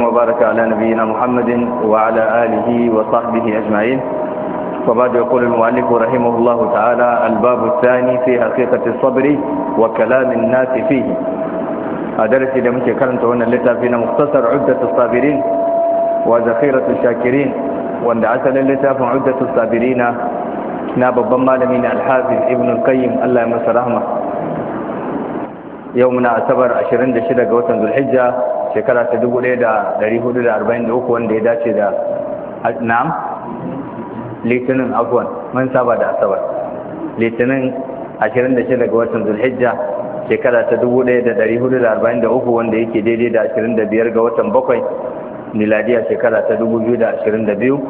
وبارك على نبينا محمد وعلى آله وصحبه أجمعين وبعد يقول المؤلف رحمه الله تعالى الباب الثاني في حقيقة الصبر وكلام الناس فيه درس إذا ممكن كانت هنا لتافينا مختصر عدة الصابرين وذخيرة الشاكرين وأن عسل اللتاف عدة الصابرين ناب الضمال من الحافظ ابن القيم الله يمس رحمه يومنا أعتبر 26 قوة ذو الحجة shekara ta 1443 wanda ya dace da nam litinin afwan mun saba da asabar litinin 26 ga watan zulhijja shekara ta 1443 wanda yake daidai da 25 ga watan bakwai miladiya shekara ta 2022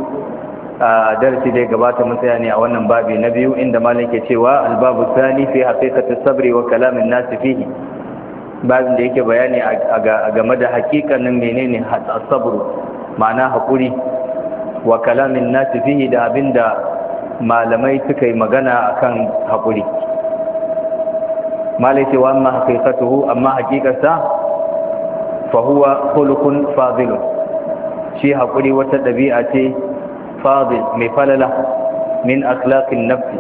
a darasi da gabata mun tsaya ne a wannan babi na biyu inda malam ke cewa albabu sani fi haqiqati sabri wa kalamin nasi fihi bazin da yake bayani a game da hakikanin menene sabru ma'ana haƙuri wa kalamin nasu fihi da abin da malamai suka yi magana a kan haƙuri malaiti wa amma haƙiƙatuhu amma haƙiƙarsa fahuwa kulukun fazilun shi haƙuri wata ɗabi'a ce fazil mai falala min akhlaqin nafsi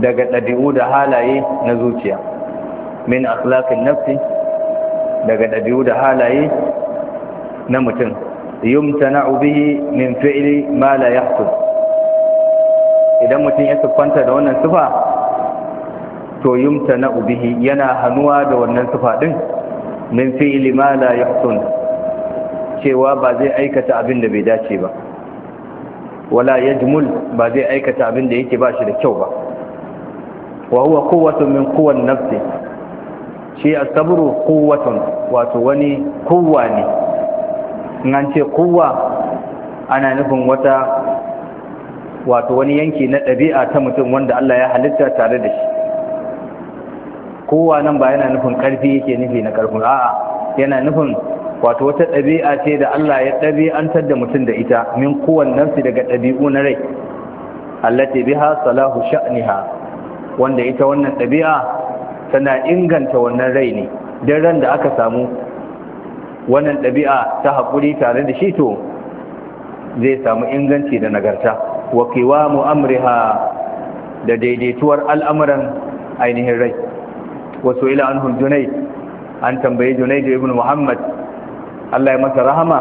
daga ɗabi'u da halaye na zuciya min akhlaqin nafsi daga dabi'u da halaye na mutum yumtana'u bihi min fi'li ma la yahsul idan mutum ya siffanta da wannan sifa to yumtana'u bihi yana hanuwa da wannan sifa din min fi'li ma la yahsul cewa ba zai aikata abin da bai dace ba wala yajmul ba zai aikata abin da yake ba shi da kyau ba wa huwa quwwatun min quwwan nafsi shi a asabru kowaton wato wani kuwa ne in ce kuwa ana nufin wata wato wani yanki na ɗabi'a ta mutum wanda Allah ya halitta tare da shi kowa nan ba yana nufin ƙarfi yake nufi na ƙarfin a'a yana nufin wato wata ɗabi'a ce da Allah ya ɗabi'antar da mutum da ita min kowan nafsi daga ɗabi'u na rai allati biha salahu sha'niha wanda ita wannan ɗabi'a tana inganta wannan rai ne don ran da aka samu wannan ɗabi'a ta haƙuri tare da shi to zai samu inganci da nagarta wakewa mu'amriha da daidaituwar al'amuran ainihin rai wasu ila an junai an tambaye junai da ibn muhammad allah ya masa rahama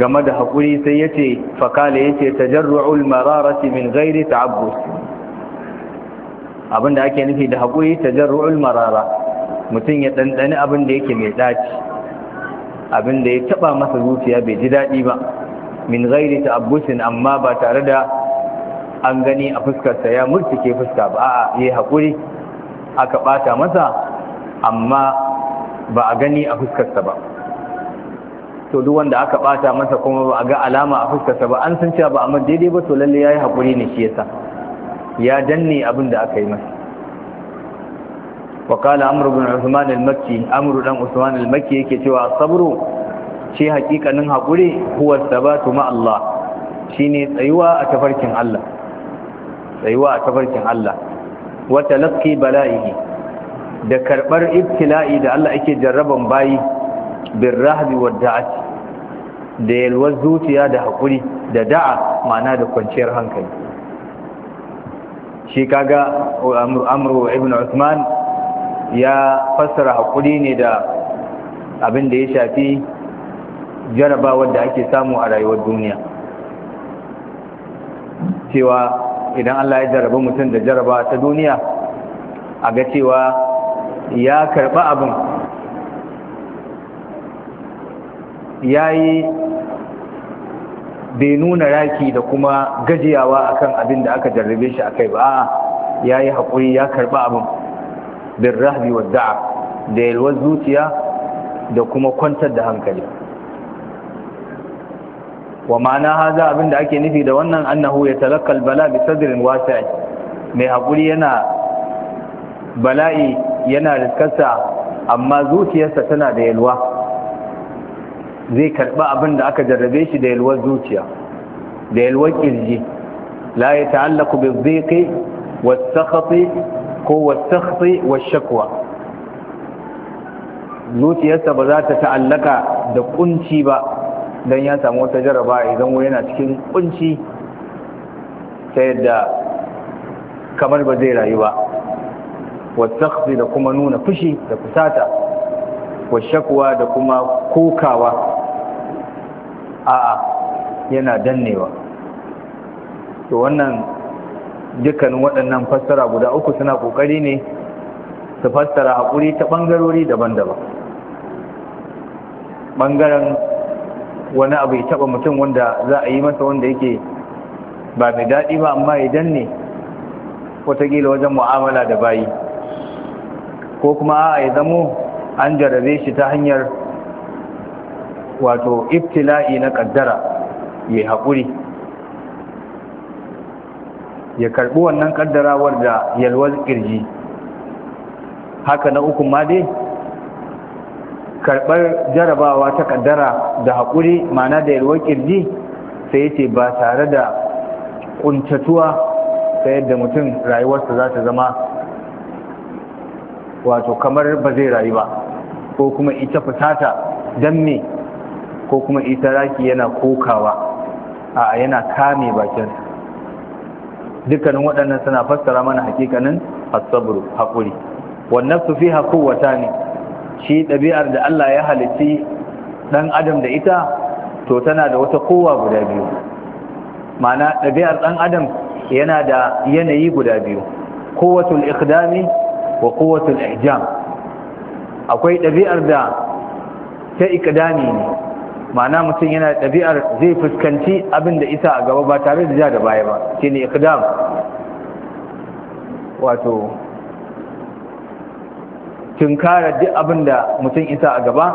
game da haƙuri sai ya ce fakale ya ce tajarru'ul mararati min gairi ta'abbus abinda ake nufi da haƙuri jarru'ul marara mutum ya ɗanɗani abinda yake mai ɗaci abin ya taɓa masa zuciya bai ji daɗi ba min ghairi Abusin amma ba tare da an gani a fuskarsa ya murtike fuska ba a'a yayi haƙuri aka ɓata masa amma ba a gani a fuskarsa ba to duk wanda aka ɓata masa kuma ba a ga alama a fuskarsa ba an san cewa ba amma daidai ba to lalle yi haƙuri ne shi yasa ya danne abin da aka yi masa Wakala عمرو بن عثمان المكي عمرو بن عثمان المكي yake cewa sabru ce hakikanin hakuri huwa sabatu ma Allah ne tsayuwa a tafarkin Allah tsayuwa a tafarkin Allah wa talaqqi bala'ihi da karbar ibtila'i da Allah yake jarraban bayi bin rahbi wa da'at da yalwar zuciya da hakuri da da'a ma'ana da kwanciyar hankali shi kaga amru ibn usman ya fassara hakuri ne da abin da ya shafi jarabawar da ake samu a rayuwar duniya cewa idan Allah ya jarabi mutum da jaraba ta duniya a ga cewa ya karba abin ya yi bai nuna raki da kuma gajiyawa akan abin da aka jarrabe shi a kai ba ya yi haƙuri ya karɓa abin bin rahbi wa da'a da yalwar zuciya da kuma kwantar da hankali wa ma'ana haza abin da ake nufi da wannan annahu ya talakkal bala bi sadrin wasi'i mai haƙuri yana bala'i yana riskarsa amma zuciyarsa tana da yalwa zai karɓi abin da aka jarrabe shi da yalwar zuciya da yalwar kirji la ya ta'allaku bi dhiqi was-sakhati ko was-sakhti wash-shakwa zuciyarsa ba za ta ta'allaka da kunci ba dan ya samu wata jarrabawa, idan wani yana cikin kunci ta yadda kamar ba zai rayu ba was-sakhti da kuma nuna fushi da fusata wash-shakwa da kuma kokawa a'a yana dannewa to wannan dukkanin waɗannan fassara guda uku suna ƙoƙari ne su fassara haƙuri ta ɓangarori daban-daban ɓangaren wani abu ya taɓa mutum wanda za a yi masa wanda yake ba mai daɗi ba amma ya danne watakila wajen mu'amala da bayi ko kuma a ya zamo an jarabe shi ta hanyar wato ibtila'i na kaddara ya haƙuri ya karɓi wannan kaddarawar da yalwar ƙirji haka na uku ma dai karɓar jarabawa ta kaddara da haƙuri mana da yalwar ƙirji sai ce ba tare da ƙuntatuwa ta yadda mutum rayuwarsa za ta zama wato kamar ba zai rayu ba ko kuma ita fusata don me ko kuma raki yana kokawa a yana kame bakinsa dukkanin waɗannan suna fassara mana hakikanin asabru haƙuri wannan su fi haƙuwata ne shi ɗabi'ar da Allah ya halitti ɗan adam da ita to tana da wata kowa guda biyu ma'ana ɗabi'ar ɗan adam yana da yanayi guda biyu kowatul ikdami wa kowatul ijam akwai ɗabi'ar da ta ikdami ne ma'ana mutum yana ɗabi'ar zai fuskanci abin da isa a gaba ba tare da ja da baya ba shi ne ikdam wato tunkara duk abin da mutum isa a gaba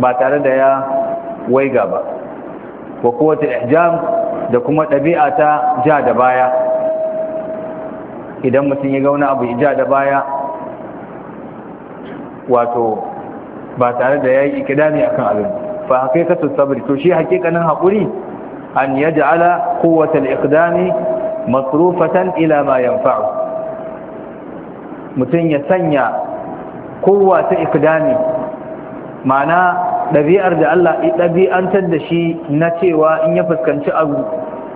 ba tare da ya waiga ba wa kowace ihjam da kuma ɗabi'a ta ja da baya idan mutum ya ga wani abu ja da baya wato ba tare da ya yi ikidami akan abin fa haqiqatu sabr to shi haqiqanin hakuri an yaj'ala quwwata al-iqdami masrufatan ila ma yanfa'u mutun ya sanya quwwata iqdami ma'ana dabi'ar da Allah ya dabi'antar da shi na cewa in ya fuskanci abu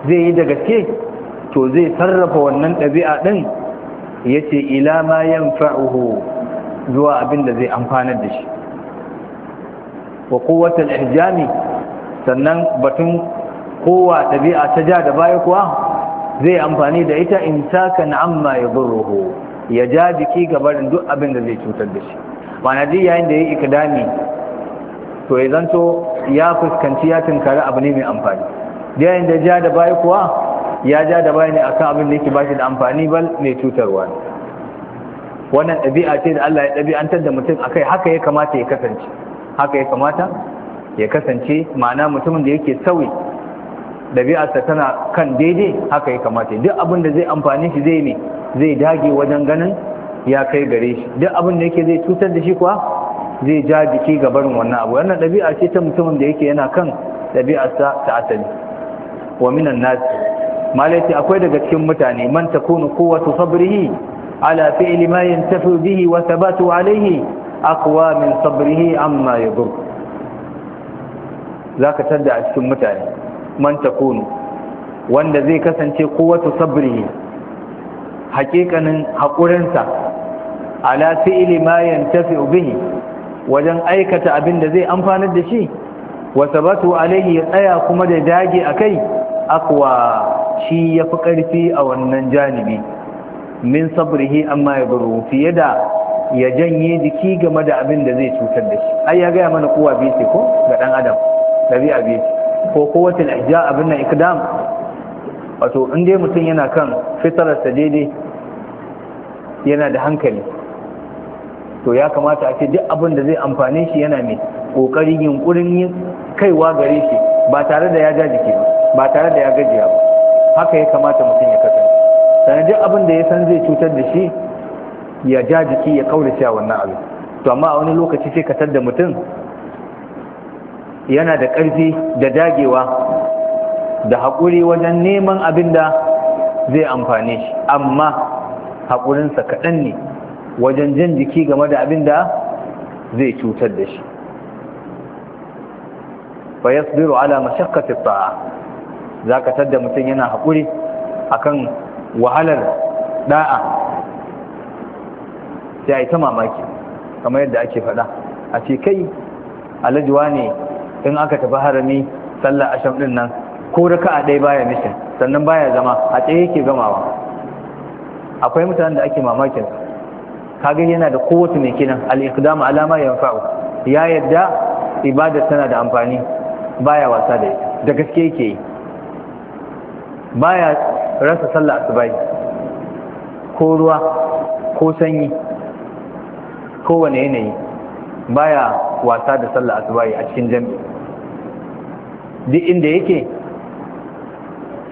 zai yi da gaske to zai sarrafa wannan dabi'a din yace ila ma yanfa'uhu zuwa abin da zai amfanar da shi wa kowatar ihjami sannan batun kowa ɗabi'a ta ja da baya kuwa zai amfani da ita in taka amma ya burruhu ya ja jiki gabarin duk abin da zai cutar da shi mana ji yayin da ya yi ikidami to ya zanto ya fuskanci ya tunkari abu ne mai amfani yayin da ja da baya kuwa ya ja da baya ne kan abin da yake ba shi da amfani bal mai cutarwa wannan ɗabi'a ce da Allah ya ɗabi'antar da mutum akai haka ya kamata ya kasance haka ya kamata ya kasance ma'ana mutumin da yake sauyi ɗabi'arsa tana kan daidai haka ya kamata duk abin da zai amfani shi zai ne zai dage wajen ganin ya kai gare shi duk abin da yake zai cutar da shi kuwa zai ja jiki ga barin wannan abu wannan ɗabi'a ce ta mutumin da yake yana kan ɗabi'arsa ta asali wa minan nasi malai akwai daga cikin mutane man takunu quwwatu sabrihi ala fi'li ma yantafi bihi wa thabatu alayhi aqwa min sabrihi amma yadur zaka tada a cikin mutane man takunu wanda zai kasance quwwatu sabrihi haƙiƙanin haƙurinsa ala fi'li ma yantafi'u bihi wajen aikata abin da zai amfanar da shi wa sabatu alaihi ya tsaya kuma da dage akai akwa shi yafi ƙarfi a wannan janibi min sabrihi amma ya fiye da ya janye jiki game da abin da zai cutar da shi ai ya gaya mana kowa biye ce ko ga dan adam ɗabi'a biye ce ko kowace ihja abin nan ikdam wato in dai mutum yana kan fitararsa daidai yana da hankali to ya kamata a ce duk abin da zai amfane shi yana mai kokari yunkurin yin kaiwa gare shi ba tare da ya ga jiki ba ba tare da ya gajiya ba haka ya kamata mutum ya kasance sanadin abin da ya san zai cutar da shi ya ja jiki ya kaurace wannan abin to amma a wani lokaci sai ka da mutum yana da ƙarfi da dagewa da haƙuri wajen neman abin da zai amfane shi amma haƙurinsa kaɗan ne wajen jan jiki game da abin da zai cutar da shi fa yasbiru ala mashaqqati ta'a zaka tadda mutum yana haƙuri akan wahalar da'a sai ya yi ta mamaki kamar yadda ake faɗa a ce kai alajuwa ne in aka tafi harami sallah asham ɗin nan ko raka a ɗaya baya mishin sannan baya zama a tsaye yake gamawa akwai mutanen da ake mamakin kaga yana da kowace mai kinan al-iqdam alama yanfa'u ya yadda ibada tana da amfani baya wasa da ita da gaske yake yi baya rasa sallah asubai ko ruwa ko sanyi kowane yanayi baya wasa da sallar asubahi a cikin jam'i. duk inda yake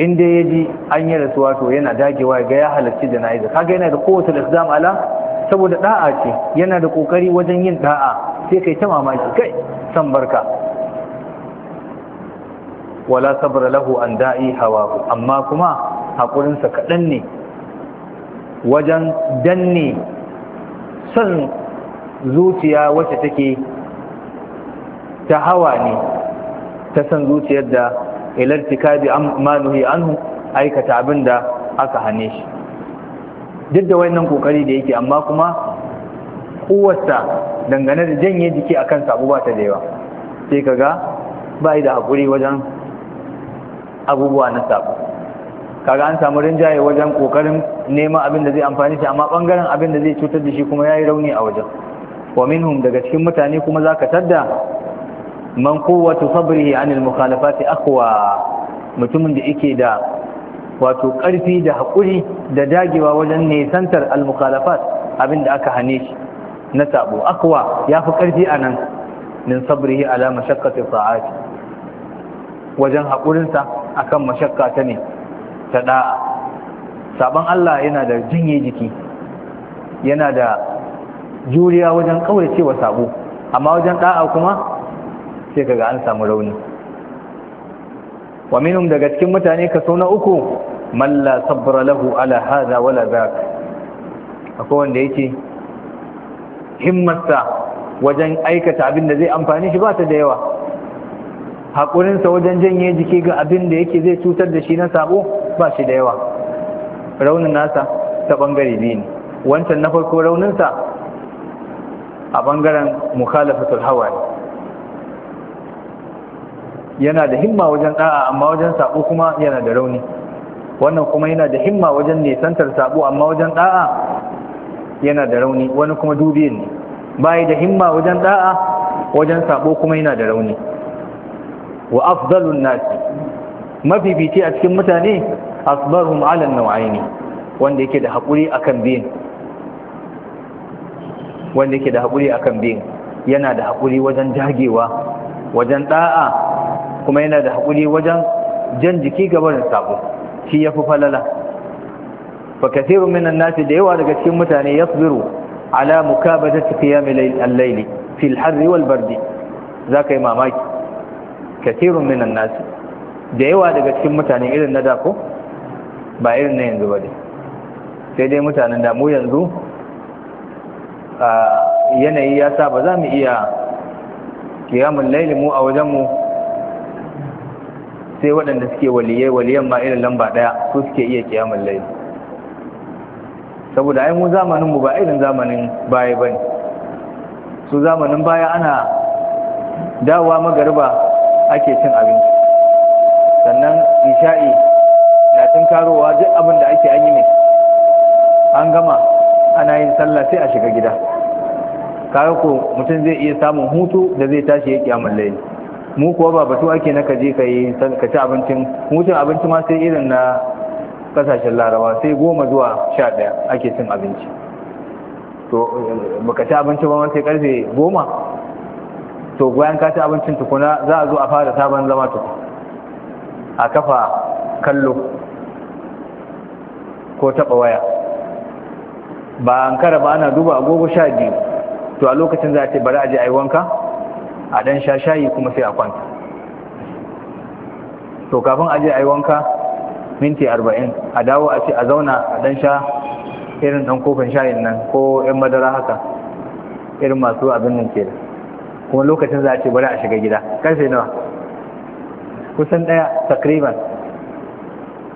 inda ya ji an yi rasuwa to yana dagewa ga ya halarci jana'iza kaga yana da kowace zama ala saboda da'a ce yana da kokari wajen yin da'a sai kai ta mamaki kai san barka wala sabra lahu an da'i hawahu amma kuma hakurinsa kaɗan ne wajen danne son zuciya wacce take ta hawa ne ta san zuciyar da ilartika bi manuhi an aikata abin da aka hane shi duk da wannan kokari da yake amma kuma kuwarsa dangane da janye jiki akan sabu ba ta da yawa sai ga ba da haƙuri wajen abubuwa na sabu kaga an samu rinjaye wajen kokarin neman abin da zai amfani shi amma bangaren abin da zai cutar da shi kuma ya yi rauni a wajen wa minhum daga cikin mutane kuma zaka tadda man quwwatu sabrihi anil mukhalafati akwa. mutumin da yake da wato karfi da hakuri da dagewa wajen nesantar al mukhalafat abinda aka hane shi na sabo aqwa yafi karfi anan min sabrihi ala mashaqqati sa'ati wajen hakurinsa akan mashakka ta ne ta da'a saban Allah yana da jinye jiki yana da juriya wajen kawai cewa sabo amma wajen da'a kuma sai kaga an samu rauni wa minhum daga cikin mutane kaso na uku man la sabra lahu ala hadha wala dhak akwai wanda yake himmarsa wajen aikata abin da zai amfani shi ba ta da yawa haƙurinsa wajen janye jiki ga abin da yake zai cutar da shi na sabo ba shi da yawa raunin nasa ta bangare biyu ne wancan na farko rauninsa a bangaren mukhalafatul hawa ne. yana da himma wajen da'a amma wajen sabo kuma yana da rauni wannan kuma yana da himma wajen nesantar sabo amma wajen da'a yana da rauni wani kuma dubiyin ne bai da himma wajen da'a wajen sabo kuma yana da rauni wa afdalun nasi mafifici a cikin mutane asbarhum ala nawaini wanda yake da hakuri akan biyin wanda yake da haƙuri akan bin yana da haƙuri wajen jagewa wajen ɗa'a kuma yana da haƙuri wajen jan jiki gabarin sabo shi fi falala fa kathirun minan nasi da yawa daga cikin mutane ya yasbiru ala mukabadati qiyam al-layl fi al-harr wal za ka yi mamaki kathirun minan nasi da yawa daga cikin mutane irin na dako, ba irin na yanzu ba dai sai dai mutanen da mu yanzu yanayi ya sa ba za mu iya kiyamun laili mu a wajenmu sai waɗanda suke waliyai waliyan ma irin lamba ɗaya su suke iya kiyamun laili saboda ai mu zamaninmu ba irin zamanin baya ba ne su zamanin baya ana dawowa magariba ake cin abinci sannan isha'i na karowa duk abin da ake an yi ne an gama ana yin sallah sai a shiga gida kaga ko mutum zai iya samun hutu da zai tashi ya kiyamul layi mu kuwa ba batu ake na kaje ka yi ka ci abincin hutun abinci ma sai irin na kasashen larawa sai goma zuwa sha ɗaya ake cin abinci to baka ci abinci ba sai karfe goma to bayan ka ci abincin tukuna za a zo a fara sabon zama tuku a kafa kallo ko taɓa waya ba an kara ba ana duba agogo sha biyu to a lokacin za a ce bari a je a yi wanka a dan sha shayi kuma sai a kwanta to kafin a je a yi wanka minti arba'in a dawo a ce a zauna a dan sha irin dan kofin shayin nan ko yan madara haka irin masu abin nan ke kuma lokacin za a ce bari a shiga gida karfe nawa kusan daya takriban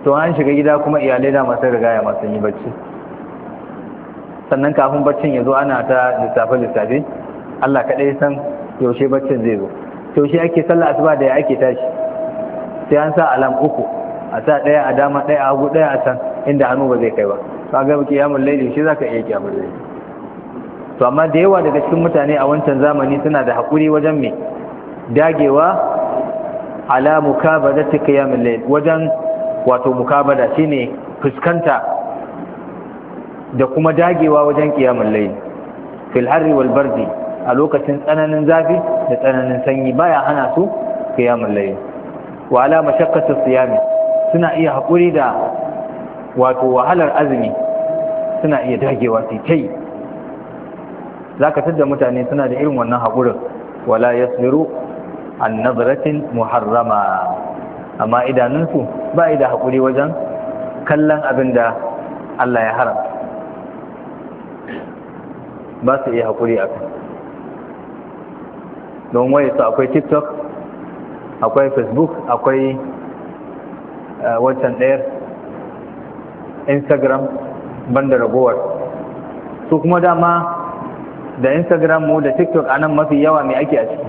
to an shiga gida kuma iyalai da masu rigaya masu yi bacci sannan kafin baccin ya zo ana ta lissafe-lissafe Allah kaɗai san yaushe baccin zai zo yaushe ake sallah asuba da ya ake tashi sai an sa alam uku a sa ɗaya a dama ɗaya a hagu ɗaya a can inda hannu ba zai kai ba ka ga kiyamun laili shi zaka iya kiyamun laili to amma da yawa daga cikin mutane a wancan zamani suna da haƙuri wajen me dagewa ala ta qiyamul layl wajen wato mukabada shine fuskanta da kuma dagewa wajen qiyamul layi fil harri wal bardi a lokacin tsananin zafi da tsananin sanyi baya hana su qiyamul layi wa ala mashaqqati siyami suna iya hakuri da wato wahalar azumi suna iya dagewa su kai zaka tada mutane suna da irin wannan hakurin wala yasmiru an nazratin muharrama amma idanunsu ba da hakuri wajen kallon abin da Allah ya haramta ba su iya haƙuri a kan don waye su akwai tiktok akwai facebook akwai eh, wancan ɗayar instagram banda ragowar su kuma dama da instagram mu da tiktok a nan mafi yawa mai ake a ciki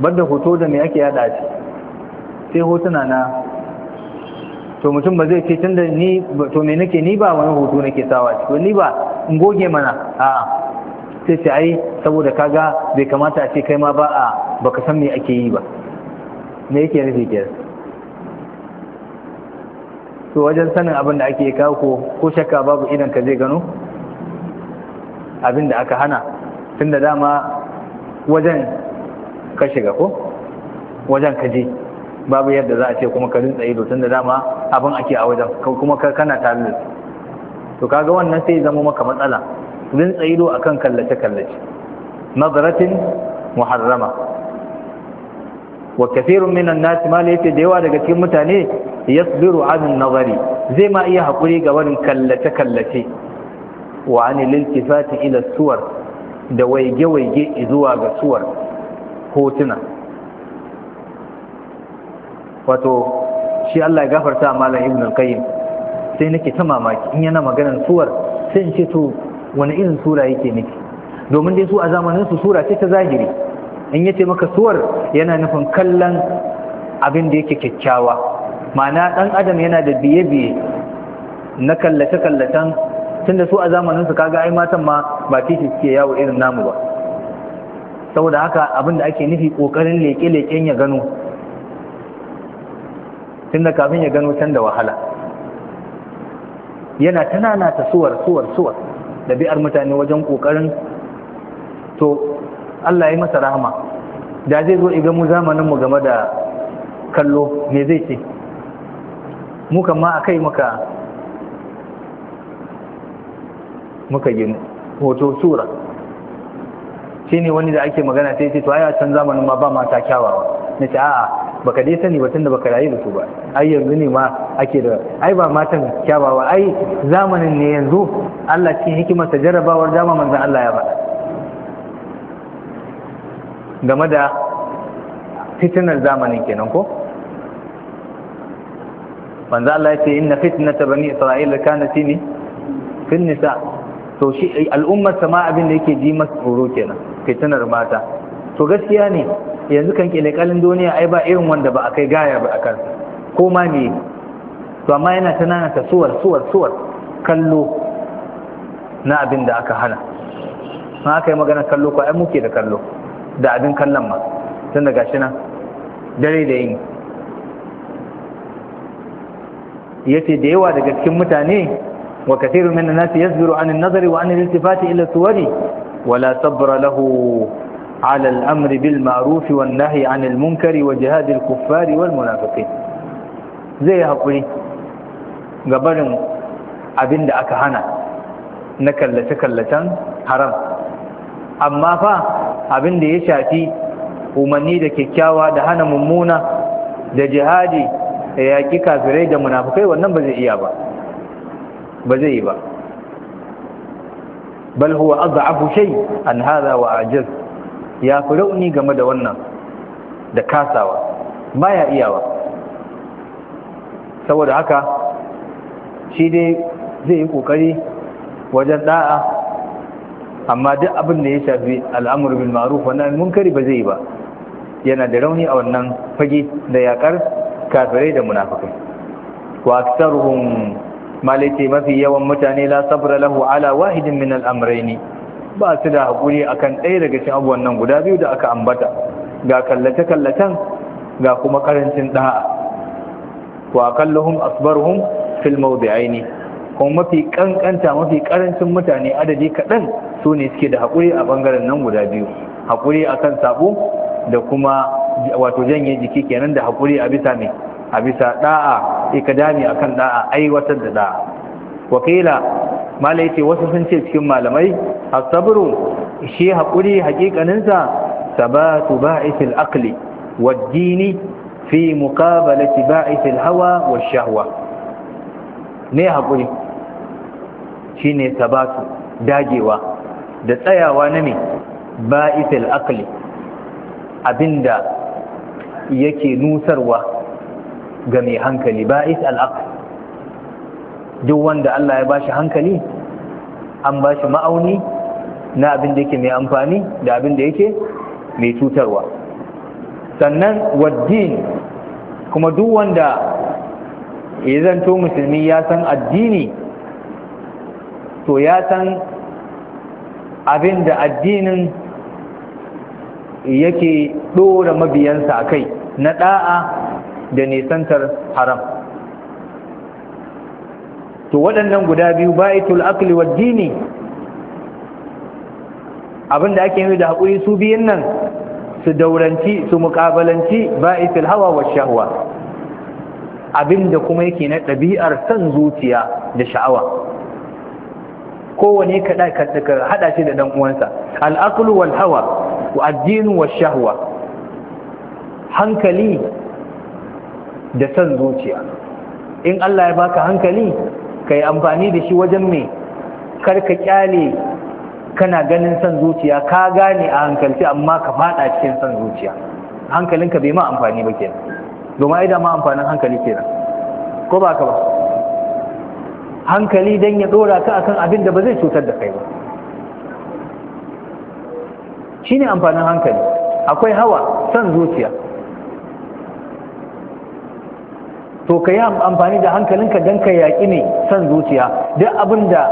banda hoto da mai ake yada a ciki sai hotuna na to mutum ba zai ce tun da ni to me nake ni ba wani hoto nake sawa ciki ni ba in goge mana a sai ce ai saboda kaga bai kamata a ce kai ma ba a baka san me ake yi ba me yake nufi ke to wajen sanin abin da ake kawo ko shakka babu idan ka zai gano abin da aka hana tun da dama wajen ka shiga ko wajen ka je babu yadda za a ce kuma ka rinsa ido tun da dama abin ake a wajen kuma kana tare da to kaga wannan sai zama maka matsala rin tsayido akan kallace kallace nazaratin muharrama wa kathirun minan nas ma yace da yawa daga cikin mutane yasbiru an nazari zai ma iya hakuri ga wani kallace kallace wa an liltifati ila suwar da waige waige zuwa ga suwar hotuna wato shi Allah ya gafarta malam ibn al-qayyim sai nake ta mamaki in yana maganar suwar sai in ce to wani irin sura yake nufi domin dai su a zamanin su sura ce ta zahiri in yace maka suwar yana nufin kallon abin da yake kyakkyawa ma'ana dan adam yana da biye-biye na kallace-kallacen tunda su a zamanin su kaga ai matan ma ba titi suke yawo irin namu ba saboda haka abin da ake nufi kokarin leke-leken ya gano tunda kafin ya gano can da wahala yana tanana ta suwar suwar suwar bi'ar mutane wajen kokarin to Allah ya masa rahama da zai zo iga mu zamanin mu game da kallo me zai ce mu kan ma akai muka muka yi hoto sura shine wani da ake magana sai ce to can zamanin ma ba mata kyawawa nace a'a baka dai sani ba tunda baka rayu da su ba ai yanzu ne ma ake da ai ba matan kyawawa ai zamanin ne yanzu Allah cikin hikimar ta jarrabawar dama manzon Allah ya faɗa game da fitinar zamanin kenan ko manzo Allah ya ce inna fitnata bani isra'ila kanat ni fin nisa to shi al'ummar sama abin da yake ji masa tsoro kenan fitinar mata to gaskiya ne yanzu kan kilikalin duniya ai ba irin wanda ba a kai gaya ba a kansa ko ma ne to amma yana ta nana suwar suwar suwar kallo na abin da aka hana ma aka yi magana kallo ko ai muke da kallo da abin kallon ma tun daga shi nan dare da Ya yace da yawa daga cikin mutane wa kathiru min nasi yasbiru 'an nazari wa 'an al-iltifati ila suwari wala sabra lahu على الأمر بالمعروف والنهي عن المنكر وجهاد الكفار والمنافقين زي هقولي قبل أبند أكهنا نكلت كلة حرام أما فا أبند يشاتي umarni da kyakkyawa da hana mummuna da jihadi da yaƙi kafirai da munafukai wannan ba zai yi ba bal huwa adhafu shay an hadha wa ajaz ya fi rauni game da wannan da kasawa baya iyawa saboda haka shi dai zai yi kokari wajen da'a amma duk abin da ya shafi al'amur marufa, ma'ruf wannan munkari ba zai yi ba yana da rauni a wannan fage da yakar kafirai da munafikai wa aktsaruhum malike mafi yawan mutane la sabra lahu ala wahidin min al'amrayni ba su da haƙuri akan ɗaya daga cin abuwan nan guda biyu da aka ambata ga kallace-kallacen ga kuma ƙarancin ɗa'a wa kallahum filmau fil aini. kuma mafi ƙanƙanta mafi ƙarancin mutane adadi kaɗan su ne suke da haƙuri a ɓangaren nan guda biyu haƙuri akan sabo da kuma wato janye jiki kenan da haƙuri a bisa mai a bisa ɗa'a ikadami akan ɗa'a aiwatar da ɗa'a wakila malai wasu sun ce cikin malamai asabru shi haƙuri haƙiƙaninsa sabatu ba'isil aqli waddini fi muqabalati ba'isil hawa wa shahwa ne haƙuri shine sabatu dagewa da tsayawa na ne ba'isil aqli abinda yake nusarwa ga mai hankali ba'is al duk wanda Allah ya bashi hankali an bashi ma'auni na abin da yake mai amfani da abin da yake mai cutarwa sannan waddin kuma duk wanda ya zanto musulmi ya san addini to ya san abin da addinin yake ɗora mabiyansa a kai na ɗa'a da nisantar haram to waɗannan guda biyu ba'itul aqli wa dini abin da ake yi da haƙuri su biyun nan su dauranci su muƙabalanci ba'itul hawa wa shahwa abinda kuma yake na ɗabi'ar san zuciya da sha'awa kowane ka haɗa shi da ɗan uwansa al'aqlu wal hawa wa addinu wa shahwa hankali da san zuciya in Allah ya baka hankali kai amfani da shi wajen me karka kyale kana ganin son zuciya ka gane a hankalci amma ka fada cikin son zuciya hankalinka bai ma amfani ba kenan domin ai da ma amfanin hankali kenan ko ba ka ba hankali dan ya dora ka akan abin da ba zai cutar da kai ba shine amfanin hankali akwai hawa son zuciya to ka yi amfani da hankalinka don ka yaƙi ne son zuciya duk abin da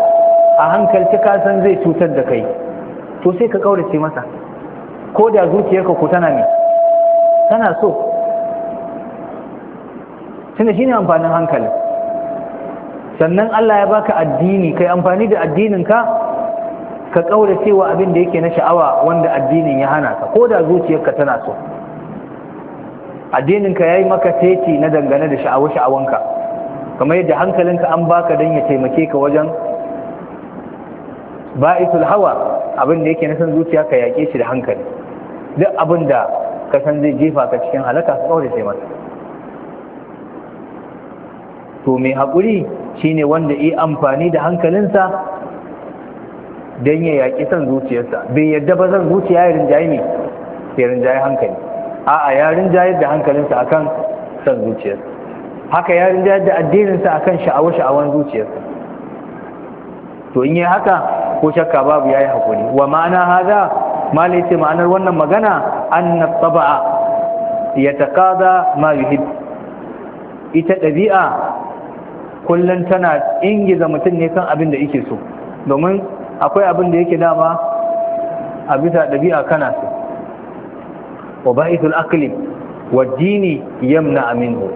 a hankali ka san zai cutar da kai to sai ka ƙaurace masa ko da zuciyarka ko tana ne tana so tunda ne amfanin hankali sannan Allah ya baka addini ka yi amfani da addininka ka ƙaurace wa abin da yake na sha'awa wanda addinin ya hana ka ko da zuciyarka tana so addininka ya yi maka teki na dangane da sha'awa-sha'awanka kamar yadda hankalinka an baka don ya taimake ka wajen ba'isul hawa abin da yake na san zuciya ka yaƙe shi da hankali duk abin da ka san zai jefa ka cikin halaka ka kawai sai mata to mai haƙuri shine wanda yi amfani da hankalinsa don ya yaƙi san zuciyarsa bai yadda ba zan zuciya ya rinjaye ne ya rinjaye hankali a'a yarin jayar da hankalinsa akan san zuciyarsa haka yarin jayar da addininsa akan sha'awa-sha'awan zuciyarsa to in yi haka ko shakka babu ya yi hakuri wa ma'ana haza, mala ma'anar wannan magana an na ya taba'a yataqada ma yuhib ita ɗabi'a kullum tana ingiza mutum ne kan abin da yake so domin akwai abin da yake dama a bisa ɗabi'a kana so wa ba'ithul aqli wa dini yamna aminu.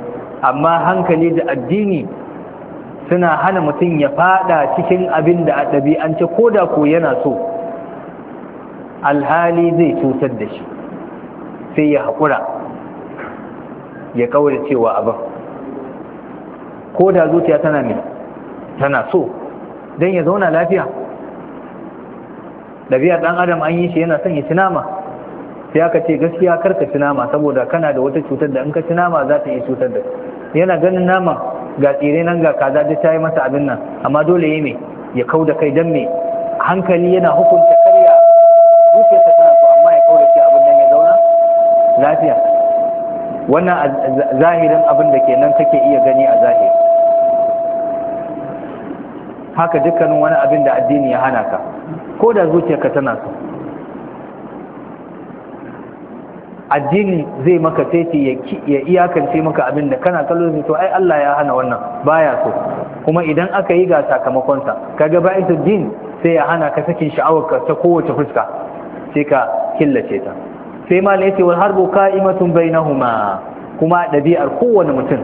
amma hankali da addini suna hana mutum ya fada cikin abin da a ɗabi'ance ko da ko yana so alhali zai cutar da shi sai ya haƙura ya kawar cewa abin ko da zuciya tana mai tana so don ya zauna lafiya ɗabi'ar ɗan adam an yi shi yana son ya ci nama sai aka ce gaskiya kar ka ci nama saboda kana da wata cutar da in ka ci nama za ta iya cutar da yana ganin naman ga tsire nan ga kaza da ta yi masa abin nan amma dole ya me ya kau da kai don mai hankali yana hukunta karya ta tana so amma ya kau da shi abin nan ya zauna lafiya wannan zahirin abin da kenan kake iya gani a zahiri haka dukkanin wani abin da addini ya hana ka ko da zuciyarka tana so addini zai maka teci ya iyakance maka abin da kana kallon to ai Allah ya hana wannan baya so kuma idan aka yi ga sakamakonsa kaga ba'isu din sai ya hana ka sakin sha'awarka ta kowace fuska sai ka killace ta sai ma yace wal harbu qa'imatun bainahuma kuma dabi'ar kowane mutum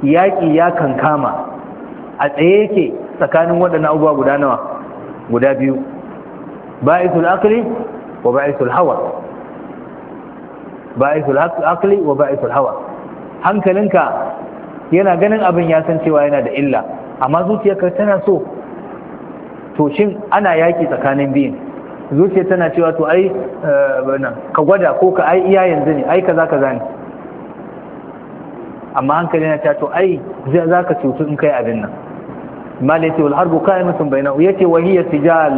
yaki ya kankama a tsaye yake tsakanin waɗannan abubuwa guda nawa guda biyu ba'isul aqli wa ba'isul hawa ba'isul aqli wa ba'isul hawa hankalinka yana ganin abin ya san cewa yana da illa amma zuciyarka tana so to shin ana yaki tsakanin biyin zuciya tana cewa to ai eh, ka gwada ko ka ai iya yanzu ne ai kaza kaza ne amma hankali na cewa to ai zai za ka cutu in kai abin nan mala yace wal harbu qa'imatun bainahu yace wa hiya tijal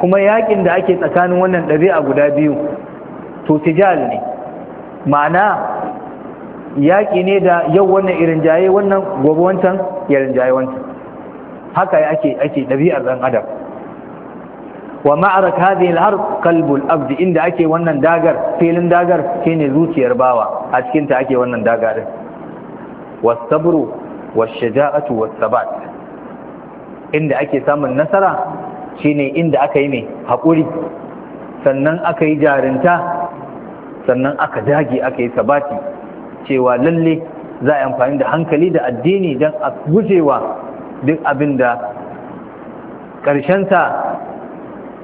kuma yakin da ake tsakanin wannan dabi'a guda biyu to tijal ne ma'ana yaƙi ne da yau wannan irin jaye wannan gobe wancan irin jaye wancan haka ake ake ɗabi'ar ɗan adam wa ma'arar hadhihi al-ard qalbul inda ake wannan dagar filin dagar shine zuciyar bawa a cikinta ake wannan dagarin. Wasu was-sabru wash-shaja'atu was-sabat inda ake samun nasara shine inda aka yi ne haƙuri sannan aka yi jarinta sannan aka dage aka yi sabati cewa lalle za a yi amfani da hankali da addini don a gujewa duk abin da ƙarshensa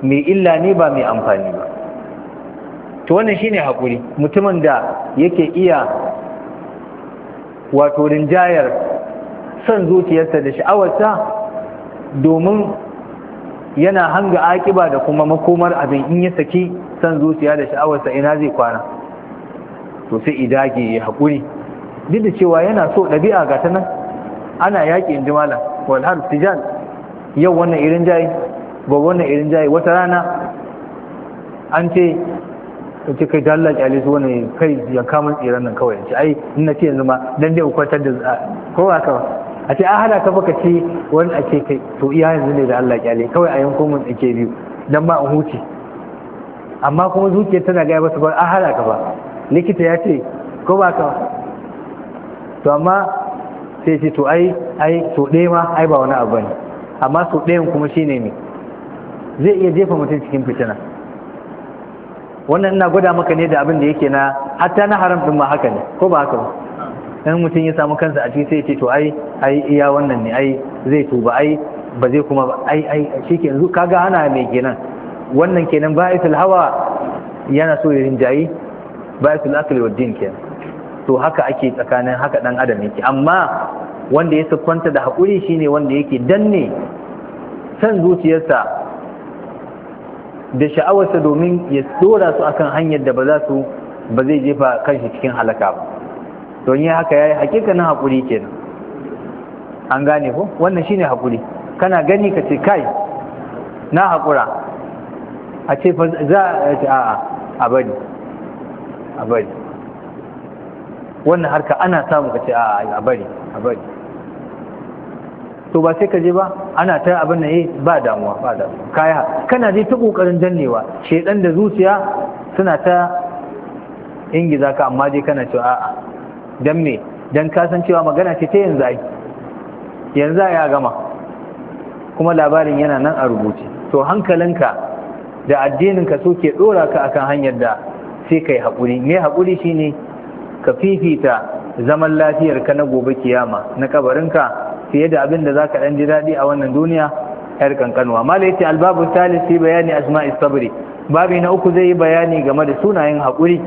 mai illa ne ba mai amfani ba to wannan shine hakuri mutumin da yake iya wato rinjayar son zuciyarsa da sha'awarsa domin yana hanga akiba da kuma makomar abin in ya saki son zuciya da sha'awarsa ina zai kwana to sai idage ya haƙuri duk da cewa yana so ɗabi'a ga ta nan ana yaƙi in ji malam wal har tijan yau wannan irin jayi ba wannan irin jayi wata rana an ce ce kai dalla kyale su wani kai ya kama tsiran nan kawai ce ai in na ce yanzu ma dan dai kwatar da ko ba ka a ce an hada ka baka ce wani a ce kai to iya yanzu ne da Allah kyale kawai a yanko mun tsake biyu dan ma in huce amma kuma zuciyar tana gaya ba su ba an hada ka ba likita ya ce ko ba ka to amma sai ce to ai ai to ɗaya ma ai ba wani abu ne amma so ɗayan kuma shine ne zai iya jefa mutum cikin fitina wannan ina gwada maka ne da abin da yake na hatta na haram din ma haka ne ko ba haka ba in mutum ya samu kansa a cikin sai ce to ai ai iya wannan ne ai zai tuba ai ba zai kuma ai ai shi ke yanzu kaga ana mai kenan wannan kenan ba'isul hawa yana so ya rinjayi bayatul akli wa din kenan to haka ake tsakanin haka dan adam yake amma wanda ya kwanta da hakuri shine wanda yake danne san zuciyarsa da sha'awarsa domin ya dora su akan hanyar da ba za su ba zai jefa kanshi cikin halaka ba don yi haka yayi hakikanin hakuri kenan an gane ko wannan shine hakuri kana gani ka ce kai na hakura a ce za a a bari a bari wannan harka ana samu ka ce a bari a bari to ba sai ka je ba ana ta abin da yi eh, ba damuwa ba damuwa kaya kana je ta kokarin jannewa shedan da zuciya suna ta ingiza ka amma dai kana cewa a'a dan me dan ka san cewa magana ce ta yanzu ai yanzu ya gama kuma labarin yana nan a rubuce to hankalinka da addininka so ke dora ka akan hanyar da sai yi haƙuri me haƙuri shine ka fifita zaman lafiyar ka na gobe kiyama na kabarinka fiye da abin da za ka ɗan ji daɗi a wannan duniya yar kankanuwa mala yace albabu shi bayani asma'i sabri babi na uku zai yi bayani game da sunayen haƙuri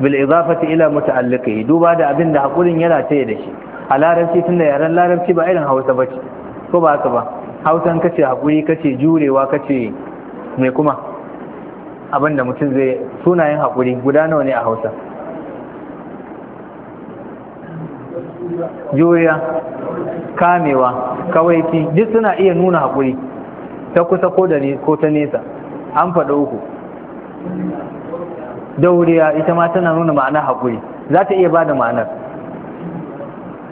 bil idafati ila muta'alliqihi duba da abin da haƙurin yana taya da shi a larabci tunda yaren larabci ba irin hausa bace ko ba haka ba hausan kace haƙuri kace jurewa kace me kuma abin da mutum zai sunayen haƙuri guda nawa ne a hausa juriya kamewa kawaici duk suna iya nuna haƙuri ta kusa ko da ko ta nesa an faɗa uku dauriya ita ma tana nuna ma'ana haƙuri za ta iya ba da ma'anar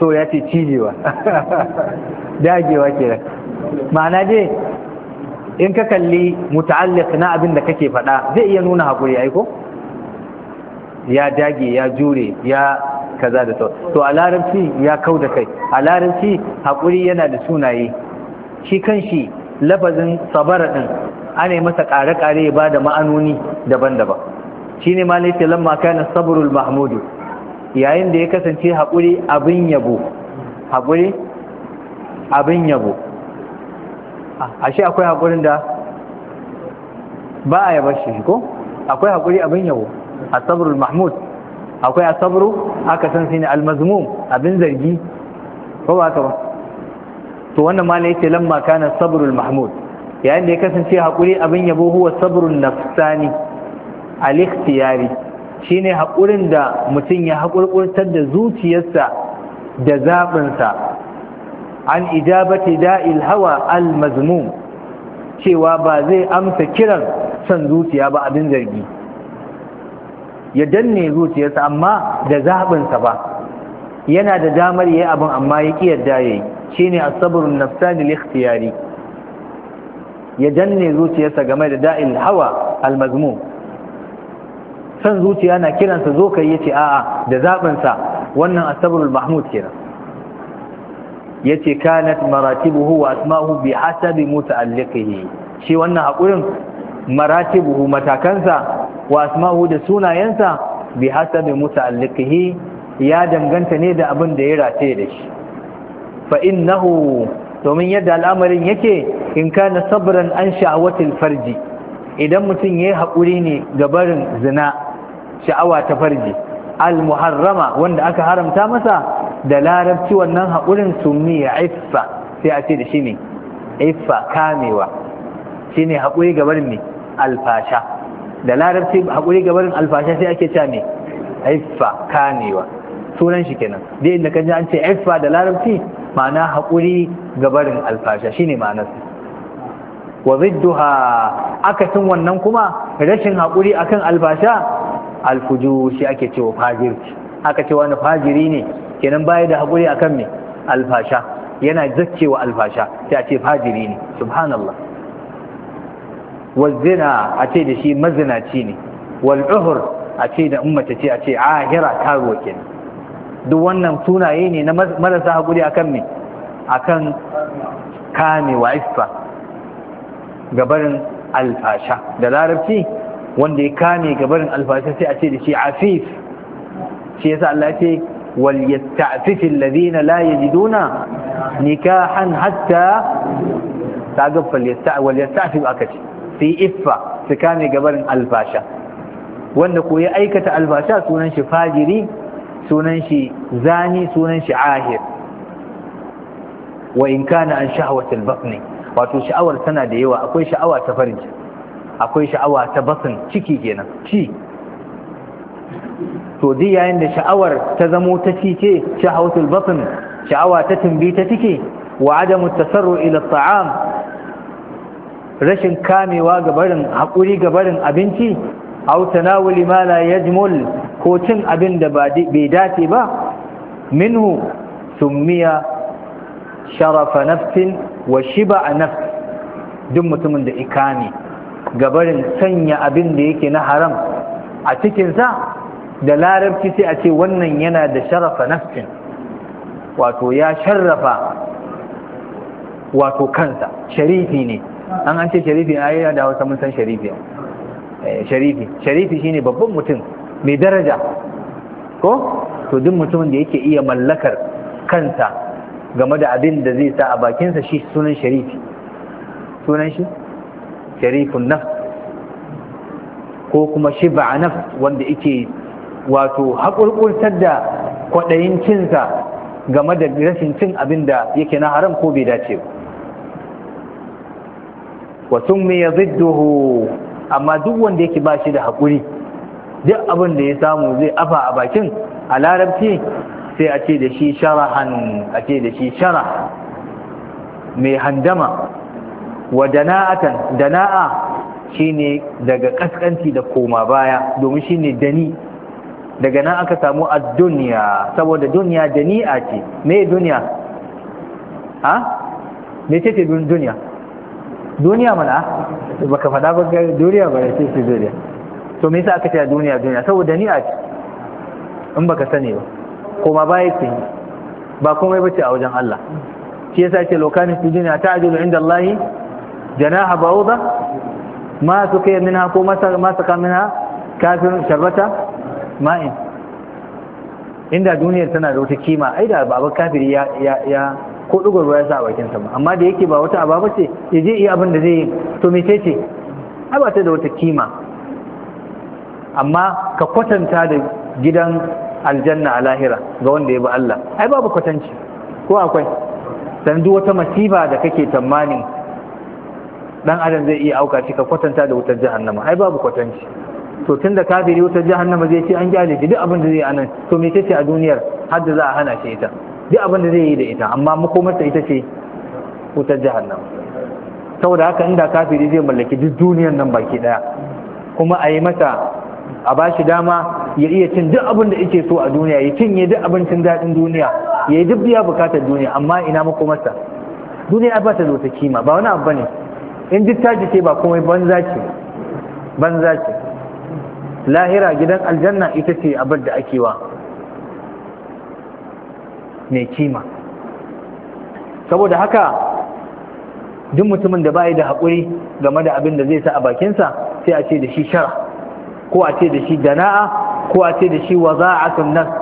to ya ce cijewa dagewa da, ma'ana dai in ka kalli muta'alliq na abin da kake faɗa zai iya nuna haƙuri ko? ya dage ya jure ya kaza da sau to a larabci ya kau da kai a larabci haƙuri yana da sunaye shi kan shi lafazin sabara ɗin ana yi masa ƙare-ƙare ya ba da ma'anoni daban-daban shi ne malai ce lamma saburul mahmudu yayin da ya kasance haƙuri abin yabo haƙuri abin yabo ashe akwai haƙurin da ba a yaba shi ko akwai haƙuri abin a asabrul mahmud akwai a asabru aka san shi ne almazmum abin zargi ko ba ka ba to wannan ma ne yake lamma kana sabrul mahmud yayin da ya kasance haƙuri abin yabo huwa sabrun nafsani al-ikhtiyari shine haƙurin da mutum ya haƙurƙurtar da zuciyarsa da zaɓinsa an ijabati da'il hawa al-mazmum cewa ba zai amsa kiran san zuciya ba abin zargi ya danne zuciyarsa amma da zabinsa ba yana da damar yayi abin amma ya ki yadda yayi shine as nafsani li ikhtiyari ya danne zuciyarsa game da da'il hawa al-mazmum son zuciya na kiransa zo kai yace a'a da zabinsa wannan as al mahmud kenan yace kanat maratibuhu wa asma'uhu bi hasabi muta'alliqihi shi wannan hakurin maratibuhu matakansa wa asma'uhu da sunayensa bi hasabi muta'alliqihi ya danganta ne da abin da ya rataye da shi fa innahu domin yadda al'amarin yake in kana sabran an sha'awatil farji idan mutum yayi hakuri ne ga barin zina sha'awa ta farji al muharrama wanda aka haramta masa da larabci wannan haƙurin summiya aifa, sai a ce da shi ne aifa kamewa shi ne haƙuri gabarin ne alfasha da larabci haƙuri gabarin alfasha sai ake cewa ne aifa kamewa sunan shi kenan dai inda kan ji an ce aifa da larabci ma'ana haƙuri gabarin alfasha shi ne ma'anarsa wa zidduha akasin wannan kuma rashin haƙuri akan alfasha alfujushi shi ake cewa fajirci aka ce wani fajiri ne kenan baya da haƙuri akan me alfasha yana zakkewa alfasha sai a ce fajiri ne subhanallah wazina a ce da shi mazinaci ne wal uhur a ce da ummata ce a ce ahira karuwa ne duk wannan sunaye ne na marasa haƙuri akan me akan kame wa isfa gabarin alfasha da larabci wanda ya kame gabarin alfasha sai a ce da shi afif shi yasa Allah ya ce وليستعفف الذين لا يجدون نكاحا حتى تعقب فليستع وليستعفف أكتش في إفة سكامي قبل الفاشا wanda ko ya aikata albasha sunan shi fajiri sunan shi zani sunan shi ahir wa in kana an shahwatil batni wato sha'awar tana da yawa akwai sha'awa ta farin akwai sha'awa ta ciki kenan ci to duk yayin da sha'awar ta zamo ta cice shahawatul batn sha'awa ta tumbi ta tike wa adamu tasarru ila ta'am rashin kamewa ga barin haƙuri ga barin abinci aw tanawuli ma la yajmul ko cin abin da bai dace ba minhu summiya sharafa nafsin wa shiba nafs duk mutumin da ikami barin sanya abin da yake na haram a cikinsa da larabci sai a ce wannan yana da sharafa nafsin wato ya sharafa wato kansa sharifi ne an an ce sharifi a yana da wasa mun san sharifi eh, sharifi sharifi ne babban mutum mai daraja ko to duk mutumin da yake iya mallakar kansa game da abin da zai sa a bakinsa shi sunan sharifi sunan shi sharifun nafs ko kuma shiba nafs wanda yake wato haƙurƙurtar da kwaɗayin cinsa game da rashin cin abin da yake na haram ko bai dace ba wa summiya doho amma duk wanda yake ba shi da haƙuri duk abin da ya samu zai afa a bakin a larabci sai a ce da shi sharahan a ce da shi shara mai handama wa dana'atan dana'a shine daga kaskanci da koma baya domin shine dani daga nan aka samu a duniya saboda duniya dunya a ce me duniya? ha me ce ce duniya duniya mana baka faɗa ba duniya ba ce ce duniya to me yasa aka ce duniya duniya saboda a ce in baka sani ba kuma baya ce ba komai bace a wajen Allah shi yasa ce lokacin fi duniya ta ta'jilu inda Allah janaha ba? ma suka minha ko ma saka minha kafirun sharbata ma'in inda duniyar tana da wata kima ai da baba kafiri ya ya ko dugar ruwa ya sa a sa amma da yake ba wata ababa ce ya je iya abin da zai yi to me ce ai ba ta da wata kima amma ka kwatanta da gidan aljanna a lahira ga wanda ya bi Allah ai babu kwatanci ko akwai dan duk wata masifa da kake tamanin dan adam zai iya auka shi ka kwatanta da wutar jahannama ai babu kwatanci to tun da kafiri wutar jahannama zai ce an gyale shi duk abin da zai anan to me ce a duniyar har da za a hana shi ita duk abin da zai yi da ita amma makomarta ita ce wutar jahannama saboda haka inda kafiri zai mallaki duk duniyar nan baki daya kuma a yi masa a ba shi dama ya iya cin duk abin da yake so a duniya ya cinye duk abincin daɗin duniya ya yi duk biya bukatar duniya amma ina makomarsa duniya ba ta zo ta kima ba wani abu bane in duk ta ce ba komai banza ce banza ce lahira gidan aljanna ita ce abin da ake wa mai kima saboda haka duk mutumin da bai da haƙuri game da abin da zai sa a bakinsa sai a ce da shi shara ko a ce da shi dana'a ko a ce da shi waza'atun nafs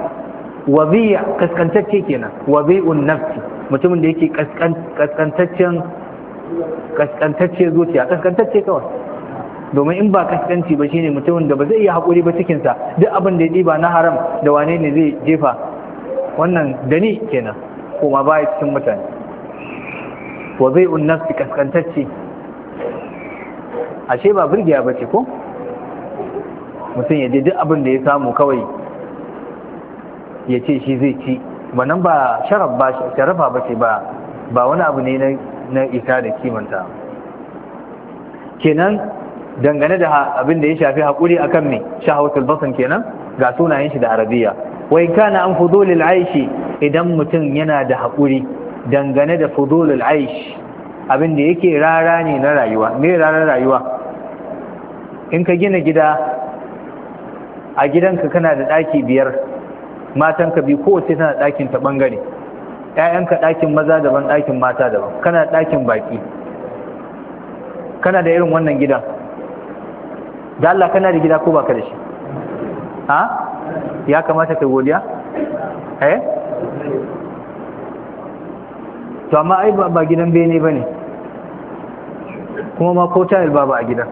waziya kaskantacce kenan wazi'un nafsi mutumin da yake kaskantaccen kaskantacce zuciya kaskantacce kawai domin in ba kaskanci ba shine mutumin da ba zai iya haƙuri ba cikinsa duk abin da ya ba na haram da wane ne zai jefa wannan dani kenan kuma ba ya cikin mutane wa zai un nafsi kaskantacce ashe ba birgiya ba ce ko mutum ya je duk abin da ya samu kawai ya ce shi zai ci wannan ba sharafa ba ce ba ba wani abu ne na isa da kimanta kenan dangane da abin da ya shafi haƙuri akan me shahawatul basan kenan ga sunayen shi da arabiya wai kana an fudulul aishi idan mutum yana da haƙuri dangane da fudulul aishi abin da yake rara ne na rayuwa me rara rayuwa in ka gina gida a gidanka kana da ɗaki biyar matan ka bi kowace tana ɗakin ta ɓangare ka ɗakin maza daban ɗakin mata daban kana ɗakin baki kana da irin wannan gidan da Allah kana da gida ko baka da shi ha ya kamata kai godiya eh to amma ai ba gidan bene bane kuma ma ko ta ba ba a gidan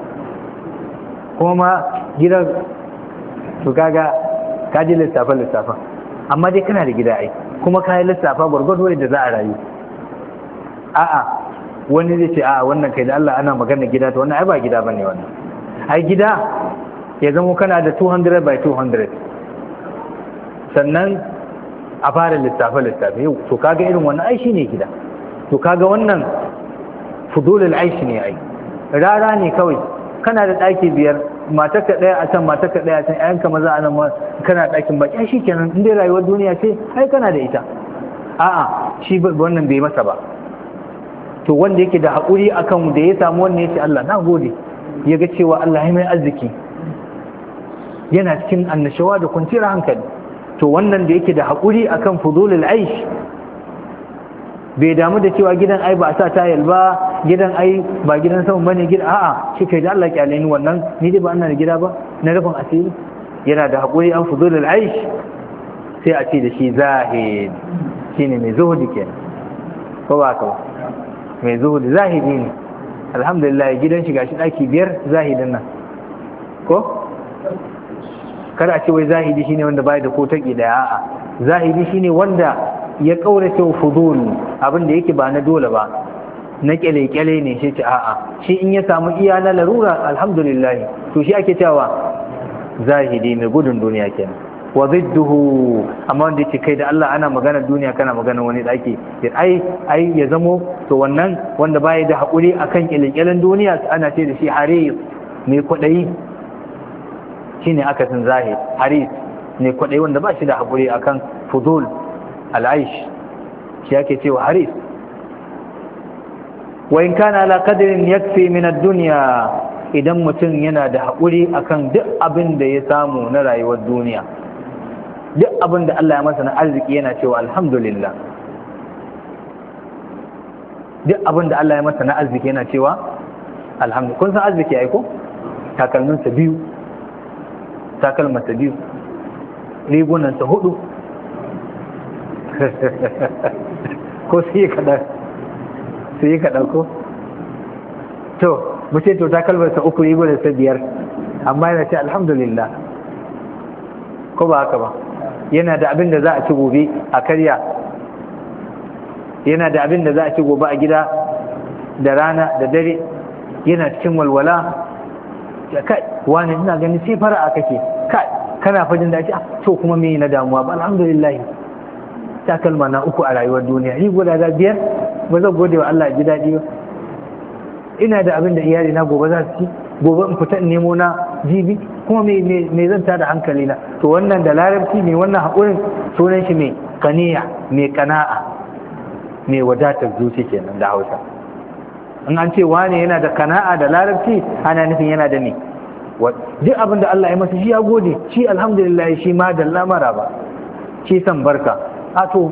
kuma ma gidan to kaga kaji lissafin lissafin amma dai kana da gida ai kuma kayi lissafa gwargwado da za a rayu a'a wani zai ce a'a wannan kai da Allah ana magana gida to wannan ai ba gida bane wannan ai gida ya zama kana da 200 by 200 sannan a fara littafe littafe yau to kaga irin wannan ai ne gida to kaga wannan fudulul aishi ne ai rara ne kawai kana da ɗaki biyar matarka ɗaya a can matarka ɗaya a can ƴaƴanka maza a nan kana ɗakin baki shi kenan inda rayuwar duniya ce ai kana da ita a'a shi wannan bai masa ba to wanda yake da haƙuri akan da ya samu wannan ya ce Allah na gode ya ga cewa Allah ya mai arziki yana cikin annashawa da kwanciyar hankali to wannan da yake da haƙuri akan fudulul aish bai damu da cewa gidan ai ba a sa tayal ba gidan ai ba gidan saman bane gida a'a shi kai da Allah kyale ni wannan ni dai ba ana da gida ba na rufin asiri yana da haƙuri an fudulul aish sai a ce da shi zahid shine mai zuhudi kenan ko ba ka ba mai zuhudi zahidi ne alhamdulillah gidan shi gashi daki biyar zahidin nan ko kada a ce wai zahidi shine wanda bai da ko taki daya a'a zahidi shine wanda ya kaurace fudul abin da yake ba na dole ba na kyale-kyale ne shi ce a'a shi in ya samu iya na larura alhamdulillah to shi ake cewa zahidi mai gudun duniya kenan wa zidduhu amma wanda yake kai da Allah ana magana duniya kana magana wani daki ai ai ya zamo to wannan wanda baya da hakuri akan kilkilan duniya ana ce da shi haris mai kwadayi shine akasin zahir haris ne kwadayi wanda ba shi da hakuri akan fudul al'aish shi yake cewa haris wa in kana ala qadrin yakfi min ad-dunya idan mutum yana da haƙuri akan duk abin da ya samu na rayuwar duniya duk abin da Allah ya masa na arziki yana cewa alhamdulillah duk abin da Allah ya masa na arziki yana cewa alhamdulillah kun san arziki ai ko takalminsa biyu takalmasa biyu rigunansa hudu ko su yi kadar su yi ko to mace to takalmarsa uku rigunansa biyar amma yana ce alhamdulillah ko ba haka ba yana da abin da za a ci gobe a karya yana da abin da za a ci gobe a gida da rana da dare yana cikin walwala kai wani ina ganin sai fara'a kake kai kana fadin da ake ah, to kuma me na damuwa ba alhamdulillah takalma na uku a rayuwar duniya Yi gwada da biyar ba zan gode wa Allah ji daɗi ba ina da abin da iyali na gobe za su ci gobe in fita in nemo na jibi kuma me zan ta da hankali na to wannan da larabci mai wannan haƙurin sunan shi mai kaniya mai kana'a mai wadatar zuci kenan da hausa in an ce wane yana da kana'a da larabci ana nufin yana da ne duk abin da Allah ya masa shi ya gode shi alhamdulillah shi ma da lamara ba shi san barka a to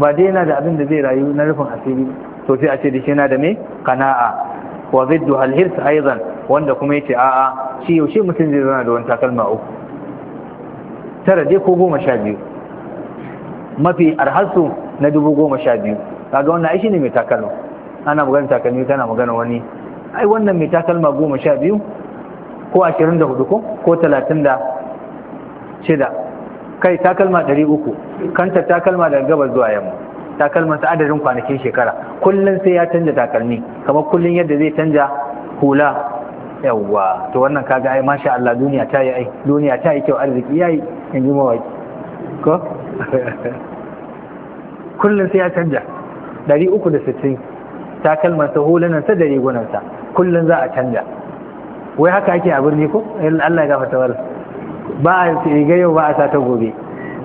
ba dai yana da abin da zai rayu na rufin asiri to sai a ce da shi yana da me kana'a wa ziddu hal hirs aidan wanda kuma yace a'a shi yaushe mutum zai zauna da wani takalma uku tara dai ko goma sha biyu mafi arhasu na dubu goma sha biyu kaga wannan ai shine mai takalma ana magana takalmi kana magana wani ai wannan mai takalma goma sha biyu ko ashirin da hudu ko ko talatin da shida kai takalma ɗari uku kanta takalma daga gabas zuwa yamma takalman sa adadin kwanakin shekara kullum sai ya canja takalmi kamar kullum yadda zai canja hula yawwa to wannan kaga ai masha Allah duniya ta yi ai duniya ta yi kyau arziki yayi in ji mawaki ko kullum sai ya canja 360 takalman sa hulunan sa da rigunan sa kullum za a canja wai haka ake a birni ko Allah ya gafarta wala ba a riga yau ba a sata gobe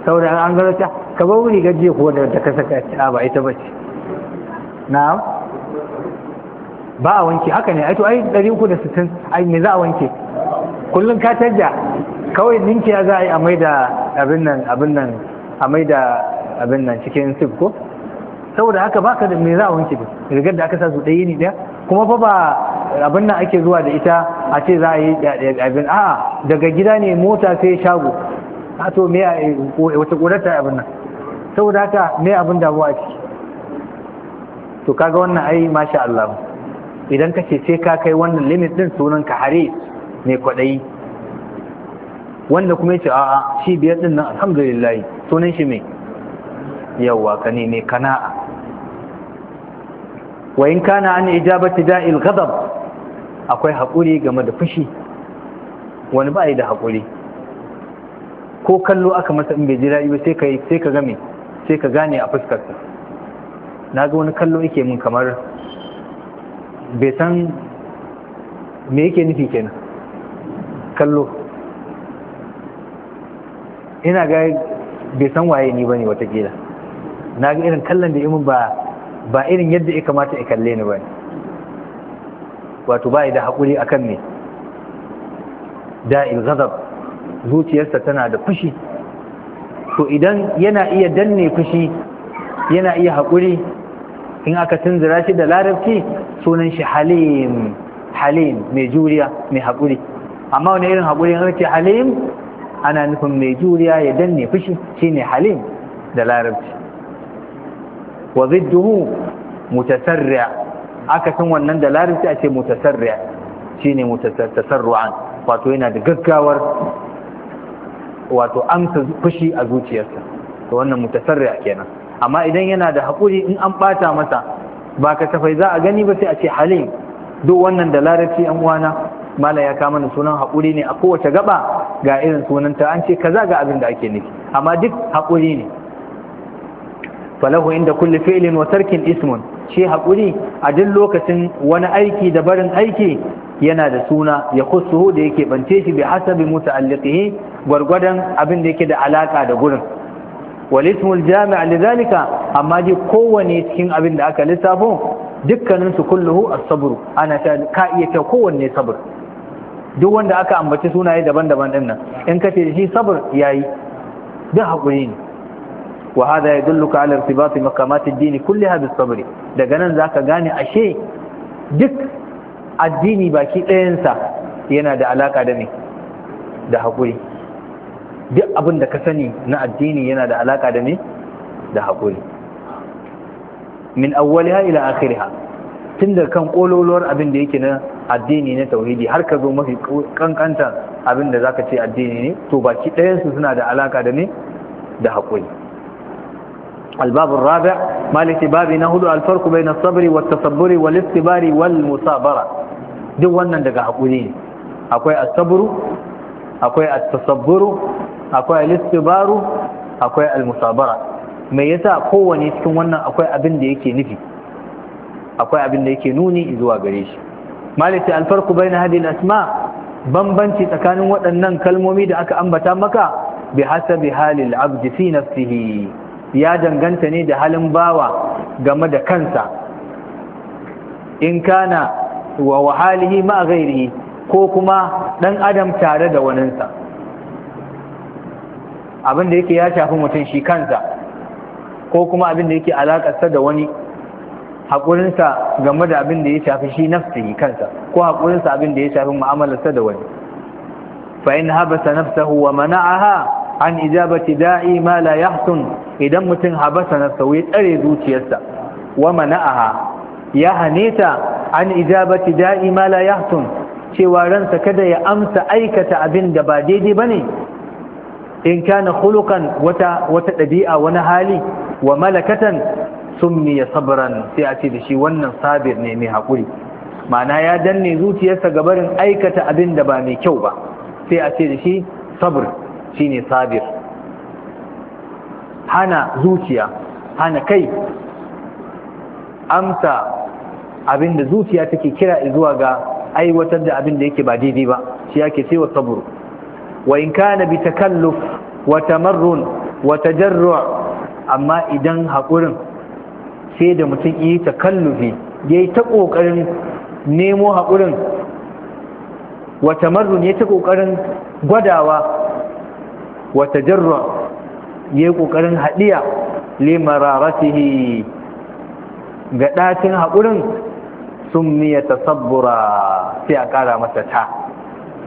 saboda an gano ta ka ba wuri gaje ko da ta kasaka a ba ita ce na'am ba a wanke haka ne ai to ai 360 ai me za a wanke kullum ka tajja kawai ninkiya za a yi a mai da abin nan abin nan a mai da abin nan cikin sif ko saboda haka baka da me za a wanke ba rigar da aka sa su ɗaya ne ɗaya kuma fa ba abin nan ake zuwa da ita a ce za a yi abin a'a daga gida ne mota sai shago a to me wata ƙorata abin nan saboda haka me abin da a ciki to kaga wannan ai masha Allah idan kace sai ka kai wannan limit din sunan ka hare mai kwadayi wanda kuma yace a'a shi biyar din nan alhamdulillah sunan shi mai yawa ka ne mai kana'a wa in kana an ijabati da'il ghadab akwai haƙuri game da fushi wani ba yi da haƙuri ko kallo aka masa in bai ji ba sai ka sai ka game sai ka gane a fuskarsa na ga wani kallo yake min kamar bai san me yake nufi kenan kallo ina ga bai san waye ni bane watakila na ga irin kallon da yi min ba ba irin yadda ya kamata ya kalle ni bane wato ba da haƙuri akan ne. da'il gazab zuciyarsa tana da fushi to idan yana iya danne fushi yana iya haƙuri in aka tunzura shi da larabci sunan shi halim halim mai juriya mai haƙuri amma wani irin haƙuri in ce halim ana nufin mai juriya ya danne fushi Shi ne halim da larabci wa zidduhu mutasarriya aka san wannan da larabci a ce shi shine mutasarru'an wato yana da gaggawar wato amsa fushi a zuciyarsa to wannan mutasarriya kenan amma idan yana da haƙuri in an ɓata masa ba ka tafai za a gani ba sai a ce halin duk wannan da larabci yan uwana mala ya kama sunan haƙuri ne a kowace gaba ga irin sunanta an ce kaza ga abin da ake nufi amma duk haƙuri ne falahu inda kulli fi'lin wa tarkin ismun shi haƙuri a duk lokacin wani aiki da barin aiki yana da suna ya kusuhu da yake bance shi bi hasabi muta'alliqihi gwargwadon abin da yake da alaƙa da gurin walismul jami'a lidhalika amma ji kowanne cikin abin da aka lissafo dukkaninsu kulluhu as-sabr ana ta ka iya ta kowanne sabr duk wanda aka ambaci sunaye daban-daban din nan in ka ce shi sabr yayi da hakuri ne wa hada yadulluka ala irtibati maqamat ad-din kullaha bis-sabr daga nan zaka gane ashe duk addini baki ɗayansa yana da alaka da me da hakuri duk abin da ka sani na addini yana da alaka da me da haƙuri min awwaliha ila akhiriha tun da kan kololuwar abin da yake na addini na tauhidi har ka zo mafi kankanta abin da ka ce addini ne to baki ɗayan su suna da alaka da ne da haƙuri الباب الرابع مالك بابي نهض الفرق بين الصبر والتصبر والاستبار والمصابرة duk wannan daga haƙuri akwai asabru akwai at akwai al-istibaru akwai al-musabara me yasa kowane cikin wannan akwai abin da yake nufi akwai abin da yake nuni zuwa gare shi malati al-farqu bayna hadhihi al-asma bambanci tsakanin waɗannan kalmomi da aka ambata maka bi hasabi halil abdi fi nafsihi ya danganta ne da halin bawa game da kansa in kana wa wahalihi ma ghairihi ko kuma dan adam tare da waninsa abin da yake ya shafi mutum shi kansa ko kuma abin da yake alakarsa da wani haƙurinsa game da abin da ya shafi shi nafsihi kansa ko haƙurinsa abin da ya shafi mu'amalarsa da wani fa in habasa nafsahu wa mana'aha an ijabati da'i ma la yahsun idan mutum habasa nafsahu ya tsare zuciyarsa wa mana'aha ya hane ta an ijabati da'i ma la yahsun cewa ransa kada ya amsa aikata abin da ba daidai bane in kana khuluqan wata wata dabi'a wani hali wa malakatan ya sabran sai a ce da shi wannan sabir ne mai hakuri ma'ana ya danne zuciyarsa ga barin aikata abin da ba mai kyau ba sai a ce da shi sabr shine sabir hana zuciya hana kai amsa abin da zuciya take kira zuwa ga aiwatar da abin da yake ba daidai ba shi yake cewa sabr وإن كان بتكلف وتمر وتجرع أما إذن هقول سيدة متنئي تكلفي يي تقو قرن نيمو هقول وتمر يي تقو قرن قدعوة وتجرع يي تقو قرن هدية لمرارته قداتن هقول سمي تصبرا سيأكارا متتا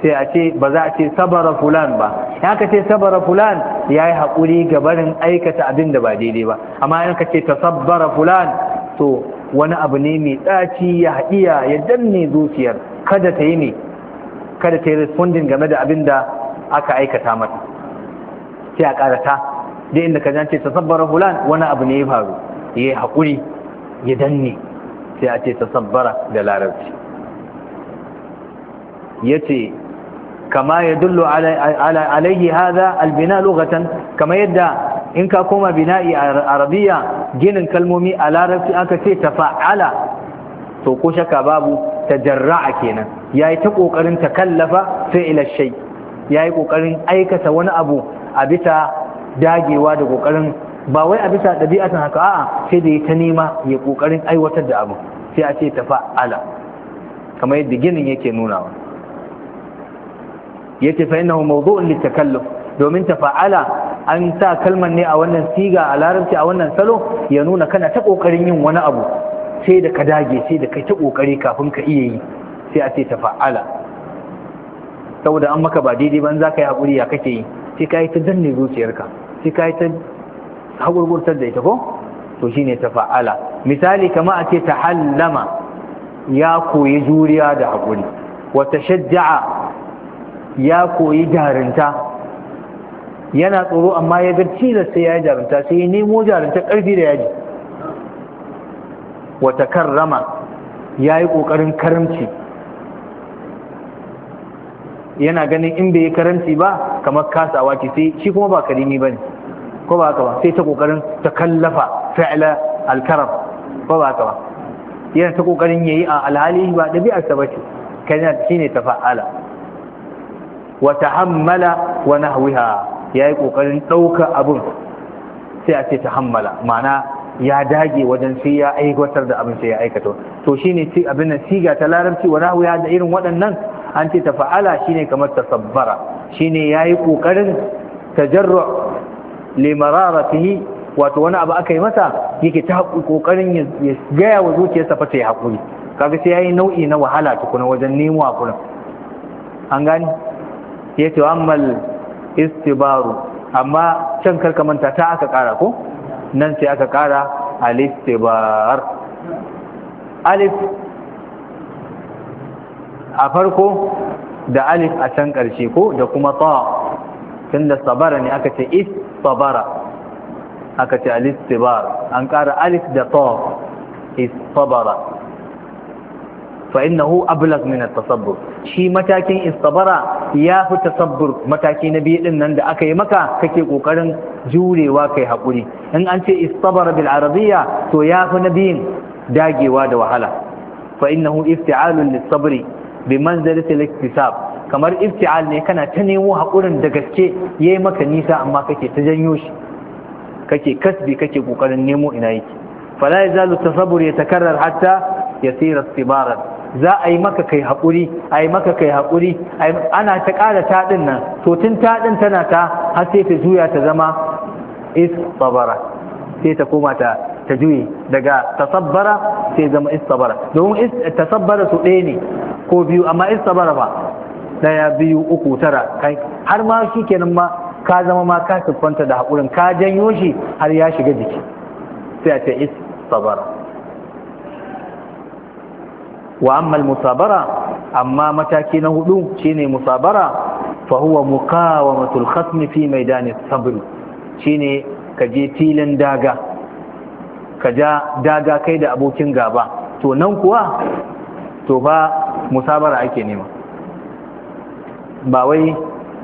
sai a ce ba za a ce sabara fulan ba ya ka ce sabara fulan ya yi haƙuri ga barin aikata abin da ba daidai ba amma in ka ce ta sabara fulan to wani abu ne mai ɗaci ya haɗiya ya danne zuciyar kada ta yi ne kada ta yi responding game da abin da aka aikata mata sai a ƙarata da inda ka jance sabara fulan wani abu ne ya faru ya yi haƙuri ya danne sai a ce ta sabara da larabci ya ce kama ya dullo alaihi haza albina lokatan kama yadda in ka koma bina'i a ginin kalmomi a larabci aka ce tafa'ala to ko shaka babu tajarra'a kenan yayi ta kokarin takallafa fi'ila shay yayi kokarin aikata wani abu a bisa dagewa da kokarin ba wai a bisa dabi'atan haka a'a sai da ta nema ya kokarin aiwatar da abu sai a ce tafa'ala kamar yadda ginin yake nunawa yace fa innahu mawdu'un litakalluf domin ta fa'ala an sa kalman ne a wannan siga a larabci a wannan salo ya nuna kana ta kokarin yin wani abu sai da ka dage sai da kai ta kokari kafin ka iya yi sai a ce ta fa'ala saboda an maka ba daidai ban za ka yi haƙuri ya kake yi sai ka yi ta danne zuciyarka sai ka yi ta haƙurƙurtar da ita ko to shine fa'ala misali kama a ce ta hallama ya koyi juriya da haƙuri wata shajja'a ya koyi jarinta yana tsoro amma ya ga da sai ya yi jarinta sai ya nemo jarinta ƙarfi da yaji wata karrama ya yi ƙoƙarin karamci yana ganin in bai yi karamci ba kamar kasawa ce sai shi kuma ba karimi ba ne ko ba haka ba sai ta ƙoƙarin ta kallafa fa'ila alkaram ko ba haka ba yana ta ƙoƙarin ya yi a alhali ba ɗabi'arsa ba ce kan shi ne ta fa'ala wa tahammala wa nahwiha yayi kokarin dauka abun sai a ce tahammala ma'ana ya dage wajen sai ya aiwatar da abin sai ya aikata to shine ne abin nan siga ta larabci wa nahwiha da irin waɗannan an ce tafa'ala shine kamar tasabbara shine yayi kokarin tajarru li mararatihi wato wani abu aka yi masa yake ta kokarin ya gaya wa zuciyarsa fa ta yi hakuri kaga sai yi nau'i na wahala tukuna wajen nemo hakurin an gani ya ce wa istibaru amma can karka manta ta aka kara ko nan sai aka kara alistibar alif a farko da alif a can ƙarshe ko da kuma ta tun da sabara ne aka ce is sabara aka ce alistibar an kara alif da ta is sabara fa innahu ablagh min at-tasabbur shi matakin istabara ya fi tasabbur mataki na biyu din nan da aka yi maka kake kokarin jurewa kai hakuri in an ce istabara bil arabiyya to ya fi na biyun dagewa da wahala fa innahu ifti'alun lis-sabri bi manzilati al-iktisab kamar ifti'al ne kana ta nemo hakurin da gaske ya yi maka nisa amma kake ta janyo shi kake kasbi kake kokarin nemo ina yake fala ya zalu tasabur ya takarar hatta ya tsira tsibarar za a yi maka kai haƙuri a yi maka kai haƙuri ana ta ƙara taɗin nan to tun taɗin tana ta har sai ta juya ta zama istabara sai ta koma ta ta juye daga tasabbara sai zama istabara domin tasabbara su ɗaya ne ko biyu amma istabara ba ɗaya biyu uku tara kai har ma shi kenan ma ka zama ma ka siffanta da haƙurin ka janyo shi har ya shiga jiki sai a ce istabara wa amma musabara amma mataki na hudu shine musabara fa huwa muqawamatul khatm fi maidan sabr shine ka je filin daga ka ja daga kai da abokin gaba to nan kuwa to ba musabara ake nema ba wai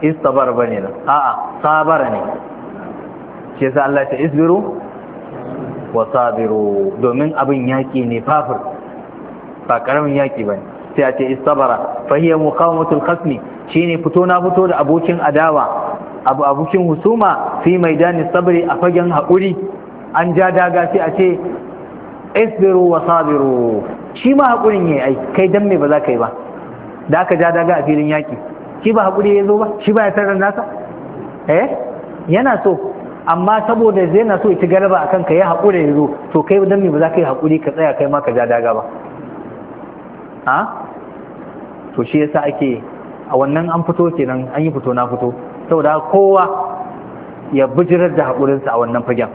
istabar bane nan a'a sabara ne Ke yasa Allah ta isbiru wa sabiru domin abin yaki ne fafir ba karamin yaki bane sai a ce istabara fa hiya muqawamatul khasmi shine fito na fito da abokin adawa abu abokin husuma fi maidanin sabri a fagen haƙuri an ja daga sai a ce isbiru wa sabiru shi ma haƙurin yayi ai kai dan me ba za ka yi ba da aka ja daga a filin yaki shi ba haƙuri ya zo ba shi ba ya tarar nasa eh yana so amma saboda zai na so ya ci galaba akan ka ya haƙuri ya zo to kai dan me ba za ka yi haƙuri ka tsaya kai ma ka ja daga ba ha to shi yasa ake a wannan an fito kenan an yi fito na fito saboda kowa ya bijirar da haƙurinsa a wannan fagen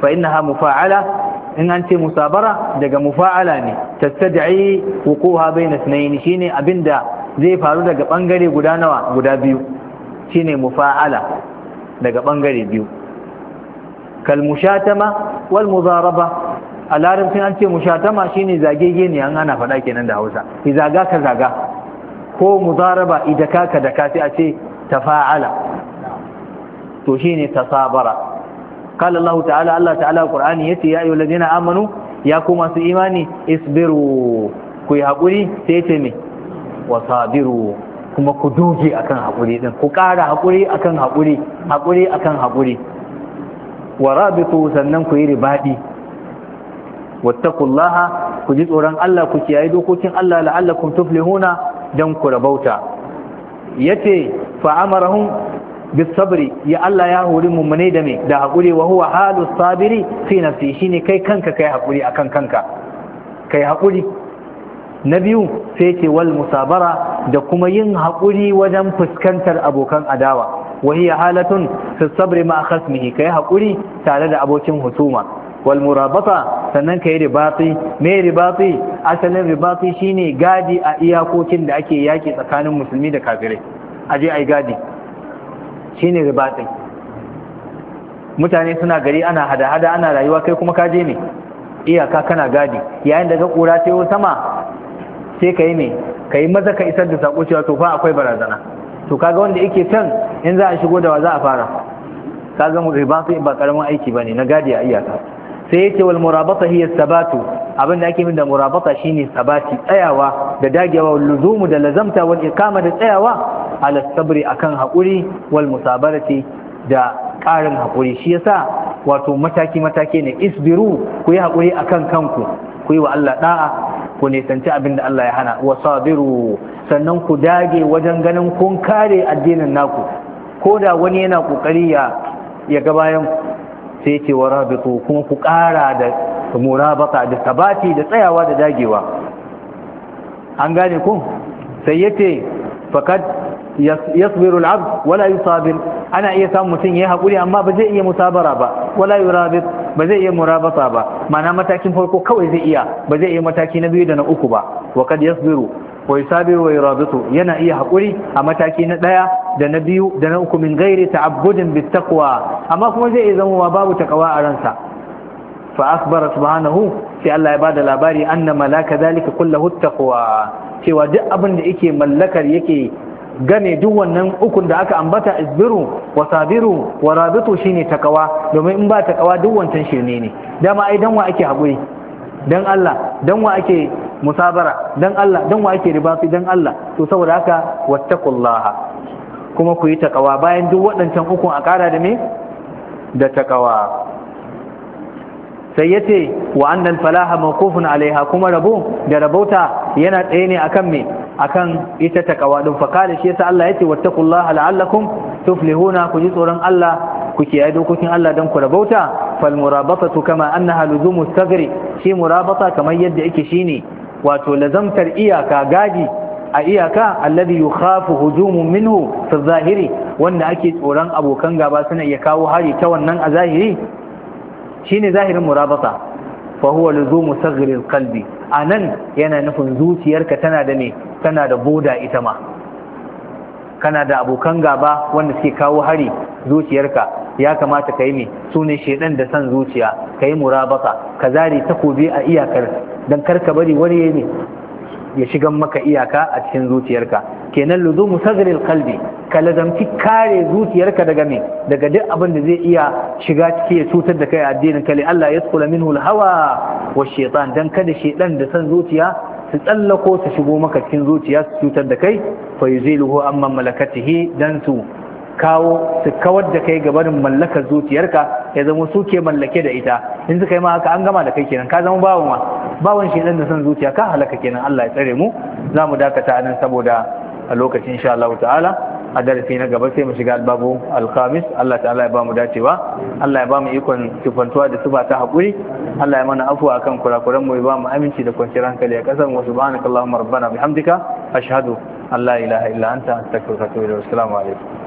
fa innaha mufa'ala in an ce musabara daga mufa'ala ne tattad'i wuquha bayna ithnayn shine abinda zai faru daga bangare guda nawa guda biyu shine mufa'ala daga bangare biyu kal mushatama wal muzaraba Alaransu an ce mu shatama shine zagayeya ne an hana faɗa kenan da hausa. Za ga ka za ko mu zarar kaka idan kakadaka sai ace ta fa'ada to shine ta sa Kala lahu ta'ala Allah ta'ala ƙur'ani ya ce ya aure jina Amanu ya koma su Imani Isbiru. Ku yi hakuri ce ce me Wasabiru kuma ku dogi akan hakuri din. Ku kara hakuri akan hakuri hakuri akan hakuri. Warar bi ku sannan ku yi ribaɗi. wattakullaha ku ji tsoron Allah ku kiyaye dokokin Allah la'allakum tuflihuna dan ku rabauta yace fa amarahum bis sabri ya Allah ya hori mummune da me da hakuri wa huwa halus sabiri fi nafsi shine kai kanka kai hakuri akan kanka kai hakuri na biyu sai ce wal musabara da kuma yin haƙuri wajen fuskantar abokan adawa wahiya halatun fi sabri ma khasmihi kai haƙuri tare da abokin husuma wal murabata sannan ka yi ribati me ribati asalin ribati shine gadi a iyakokin da ake yaki tsakanin musulmi da kafirai aje ai gadi shine ribati mutane suna gari ana hada-hada ana rayuwa kai kuma kaje ne iyaka kana gadi yayin da ga kura ta sama sai ka yi ne ka yi maza ka isar da sako cewa to fa akwai barazana to kaga wanda yake can in za a shigo da wa za a fara kaga mu riba ba karamin aiki bane na gadi a iyaka sai yace wal murabata hiya sabatu abin da ake min da murabata shine sabati tsayawa da dagewa wal luzumu da lazamta wal iqama da tsayawa ala sabri akan hakuri wal musabarati da karin hakuri shi yasa wato mataki mataki ne isbiru ku yi hakuri akan kanku ku yi wa Allah da'a ku nisanci abin da Allah ya hana wa sabiru sannan ku dage wajen ganin kun kare addinin naku ko da wani yana kokari ya ya ga bayan sai ce wa rabitu kuma ku ƙara da murabata da sabati da tsayawa da dagewa an gane ku sai yace fakad yasbiru al-abd wala yusabir ana iya samun mutum yayi hakuri amma ba zai iya musabara ba wala yurabit ba zai iya murabata ba mana matakin farko kawai zai iya ba zai iya mataki na biyu da na uku ba wa kad yasbiru wai sabi wai rabitu yana iya haƙuri a mataki na ɗaya da na biyu da na uku min gairi ta'abbudin bi amma kuma zai iya zama babu takawa a ransa fa akhbara subhanahu sai Allah ya bada labari anna malaka zalika kullahu taqwa cewa duk abin da yake mallakar yake game duk wannan ukun da aka ambata isbiru wa sabiru wa rabitu shine takawa domin in ba takawa duk wancan shirme ne dama ai danwa ake haƙuri dan Allah danwa ake musabara don Allah don wa ake riba dan Allah to saboda haka wattaqullaha kuma ku yi takawa bayan duk waɗancan ukun a ƙara da me da takawa sai ya ce wa annan falaha mawqufun alaiha kuma rabo da rabauta yana tsaye ne akan me akan ita takawa din fa kale shi yasa Allah yace wattaqullaha la'allakum tuflihuna ku ji tsoron Allah ku kiyaye dokokin Allah dan ku rabauta fal murabatatu kama annaha luzumu sagri shi murabata kamar yadda yake shine wato lazamtar iyaka gadi a iyaka alladhi yukhafu hujumun minhu fi zahiri wanda ake tsoron abokan gaba suna iya kawo hari ta wannan a zahiri shine zahirin murabata fa huwa luzumu saghril qalbi anan yana nufin zuciyarka tana da ne tana da boda ita ma kana da abokan gaba wanda suke kawo hari zuciyarka ya kamata ka yi mai sunan shaidan da san zuciya ka yi murabaka ka zare takobi a iyakar don kar bari wani ya ne ya shiga maka iyaka a cikin zuciyarka kenan luzumu sadril qalbi ka lazamci kare zuciyarka daga me daga duk abin da zai iya shiga ciki ya cutar da kai addinin ka li Allah tsula minhu al-hawa wa shaytan dan kada shaydan da san zuciya su tsallako su shigo maka cikin zuciya su cutar da kai fa yuziluhu amma malakatihi dan su kawo su kawar da kai gabanin mallakar zuciyarka ya zama su ke mallake da ita in suka yi ma haka an gama da kai kenan ka zama bawon ma bawon shi da san zuciya ka halaka kenan Allah ya tsare mu za mu dakata nan saboda a lokacin insha Allah ta'ala a darasi na gaba sai mu shiga albabu alkhamis Allah ta'ala ya ba mu dacewa Allah ya ba mu ikon tufantuwa da suba ta haƙuri Allah ya mana afuwa akan kurakuran mu ya ba mu aminci da kwanciyar hankali a ƙasar wa subhanaka allahumma rabbana bihamdika ashhadu an la ilaha illa anta astaghfiruka wa atubu ilaik assalamu alaikum